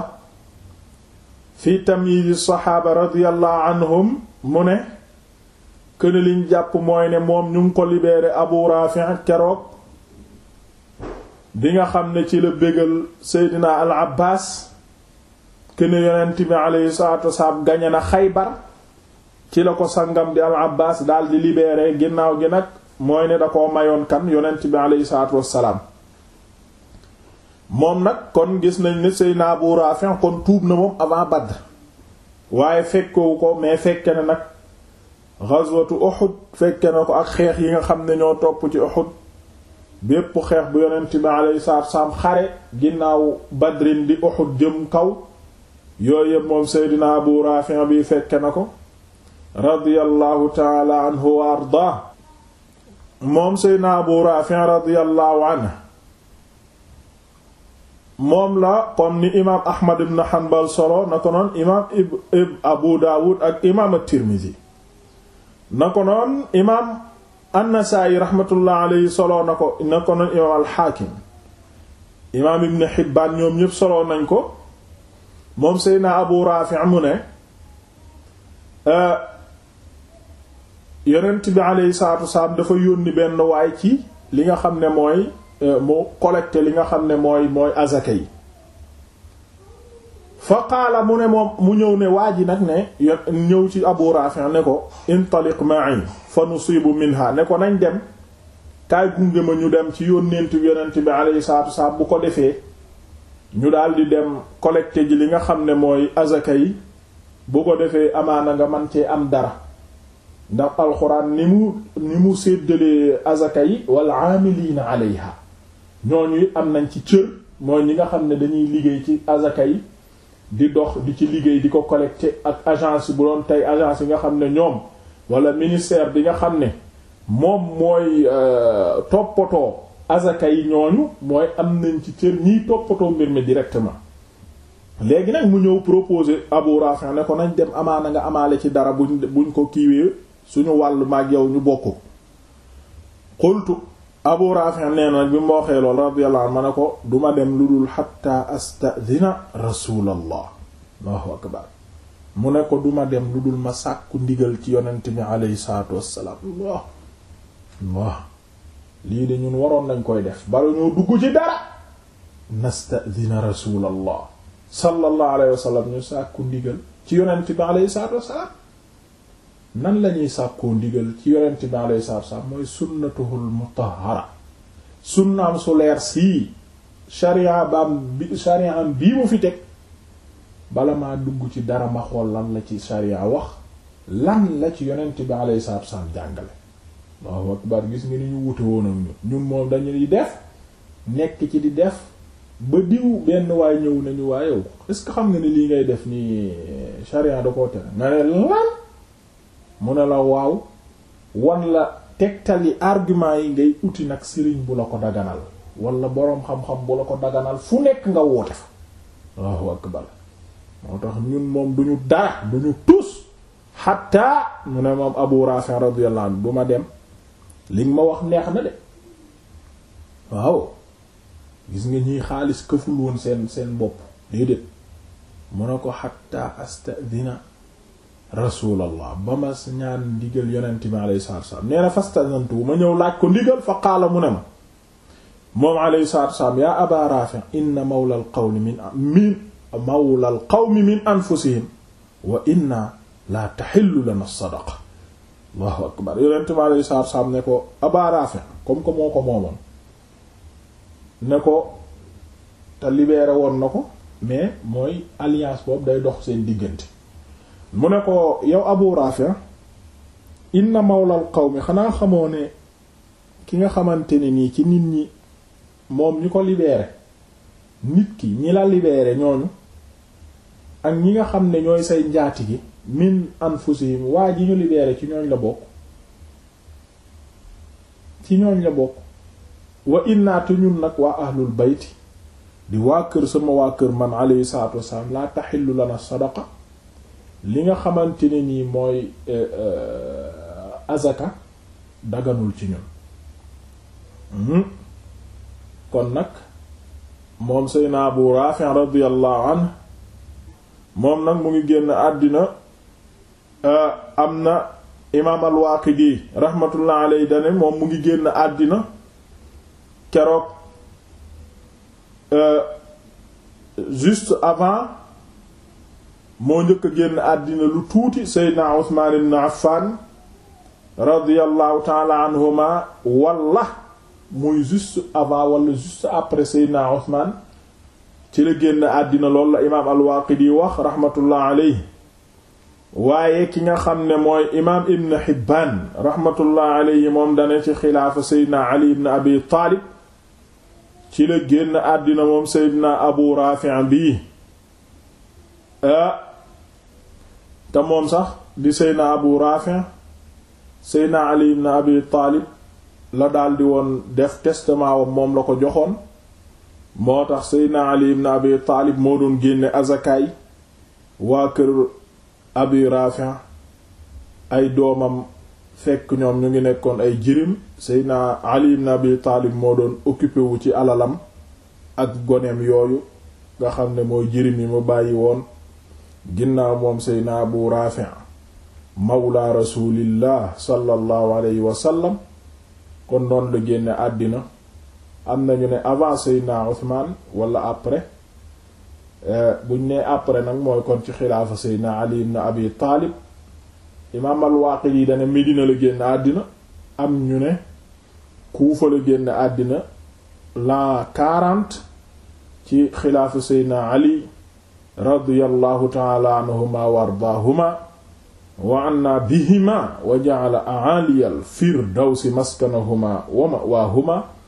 fi tamyiz saxaaba radiyallahu anhum mu ne këne liñ jàpp mooy ne moom ñu ngi ko libéré Abu Rafi keroog bi nga xam ne ci la bégal Seydina Al Abbas këne yonent bi alayhi salaatu wasalaam gañe na ci la ko sangam di Al daal di libéré ginnaaw gi nag mooy ne da koo mayoon kan yonent bi alayhi salaatu wasalaam moom kon gis na moom waaye fekkowu ko mais fekke na nag ghazwatu Uhud fekke na ko ak xeex yi nga xam ne ñoo topp ci Uhud bépp xeex bu yonent bi alayhi salaatu xare ginnaaw badrin di Uhud jëm kaw yooyu yëpp moom Seydina Abu Rafi bi fekke na ko radiyallahu taala anhu wa ardaa moom Seydina Abu Rafi radiyallahu anhu moom la comme ni imaam Ahmad ibn Hanbal solo na ko noon imaam ib ib Abu Dawud ak imaam at-Tirmidhi na ko noon imaam annasaayi yi alayhi soloo na ko na ko noon imaam alxaakim imaam ibn xibbaan ñoom ñépp soloo nañ ko moom seydna abu raafi mu ne euh, yonent bi alayhi salaatu wasalaam dafa yónni benn waay ci li nga xam ne mooy euh, mu collecté li nga xam ne mooy mooy azaka yi fa qaala mu ne moom mu ñëw ne waa ji nag ne ñëw ci Abu Rafi ne ko intaliq ma'i fa nusibu minha ne ko nañ dem kaay gunge ma ñu dem ci yoon yónnent yonent bi alayhi salaatu wasalaam bu ko defee ñu daal di dem collecté ji li nga xam ne mooy azaka yi bu ko defee amaana nga man cee am dara ndax alxuraan ni mu ni mu séddalee azaka yi wal aamiliina alayha ñooñuy am nañ ci cër mooy ñi nga xam ne dañuy liggéey ci azaka yi di dox di ci liggéey di ko collecté ak agence bu doon tey agence yi nga xam ne ñoom wala ministère bi nga xam ne moom mooy euh, toppatoo azaka yi ñooñu mooy am nañ ci cër ñiy toppatoo mbir mi directement léegi nag mu ñëw proposer Abu Rafi ne ko nañ dem amaana nga amaale ci dara buñ buñ ko kiiwee suñu wàll maag yow ñu bokk xultu abu raafi nee na bi mu waxee lool radiyallahu anhu ma ne ko duma dem lu dul xatta astadina rasulallah allahu akbar mu ne ko duma dem lu dul ma sàkku ndigal ci yonent bi aleyhi salaatu wassalaam de ñun waroon nañ koy def bala ñoo dugg ci dara nastadina ñu sàkku ndigal ci yonent bi aleyhi salaatu nan lañuy sàkkoo ndigal ci yonent bi alayhi salaatu wassalaam mooy sunnatuhul mutahhara sunnaam su leer sii sharia baam bi sharia am bii mu fi teg bala ma dugg ci dara ma xool lan la ci sharia wax lan la ci yonenti bi alayhi salaatu wassalaam jàngale Allahu akbar gis nga ni ñu wute woon ak ñun ñun moom dañuy def nekk ci di def ba diw benn waaye ñëw nañu waaye est-ce que xam nga ni lii ngay def nii sharia da koo tere nga ne lan mu ne la waaw wan la tegtali argument yi ngay uti nag sëriñ bu la ko daganal wala boroom xam-xam bu la ko daganal fu nekk nga woote fa Allahu akbar moo tax ñun moom duñu dara duñu tus xatta mu ne moom Abu Rafi radiyallahu anhu bu ma dem li nga ma wax neex na de waaw gis nga ñiy xaalis këful woon seen seen bopp déedéet mu ne ko xatta astadina rasulallah ba ma ñaan ndigal yonent bi mu inna mawla al qawmi min min mawla al qawmi na ko mais mooy alliance boobu day dox seen diggante mu ne ko yow abu rafi ah, inna mawlal mi xanaa xamoo ne ki nga xamante ne nii ci nit ñi moom ñi ko libeere nit ki ñi la libeere ñooñu ak ñi nga xam ne ñooy say njaati gi min anfusihim waa ji ñu libéré ci ñooñ la bokk ci ñooñ la bokk wa innaatu ñun nag waa ahlul bayti di waa kër sama waa kër man alayhi salaatu wasalaam laa taxillu lana sadaqa li nga xamante ne nii mooy eh, eh, azaka daganul ci ñun hmm? kon nag moom Seydina Abu Rafi radiyallahu anhu moom nag mu ngi génn àddina eh, am na imaam al-Waaqidi rahmatullah alayhi moom mu ngi génn àddina keroog juste avant moo njëkk a génn àddina lu tuuti seydna Usmaan ibn Affan radiyallahu taala anhuma wala muy juste avant wala juste après seydna Usmaan ci la génn àddina loolu la imaam al-Waaqidi wax rahmatullah alayhi waaye ki nga xam ne mooy imaam ibn Hibbaan rahmatullah alayhi moom dane ci xilaafa seydna Ali ibn Abi Taalib ci la génn àddina moom seydna Abu Raafi' bi te moom sax di seyna abu raafi seyna ali ibn abi taalib la daldi woon def testament wam moom la ko joxoon moo tax seyna ali ibn abi taalib moo doon génne azakaay waa kër abi raafi ay doomam fekk ñoom ñu ngi nekkoon ay jirim seyna ali ibn abi taalib moo doon occupé wu ci alalam ak goneem yooyu nga xam ne mooy jirim yi mu bàyyi woon ginnaaw moom seydna abu raafi mawla rasulillah sallallahu alayhi wa kon noonu la génne àddina am na ñu ne avant seydna uthman wala après eh, buñ ne après nag mooy kon ci xilaafa seydna ali ibn abi taalib imaam al-Waaqidi dana Medina la génn àddina am ñu ne Kuufa la génn àddina l'an 40 ci xilaafa seydna ali radiyallahu taala anhuma wa ardaahuma wa anna bihima wa ja'ala a'aliyal firdawsi maskanahuma wa ma'waahuma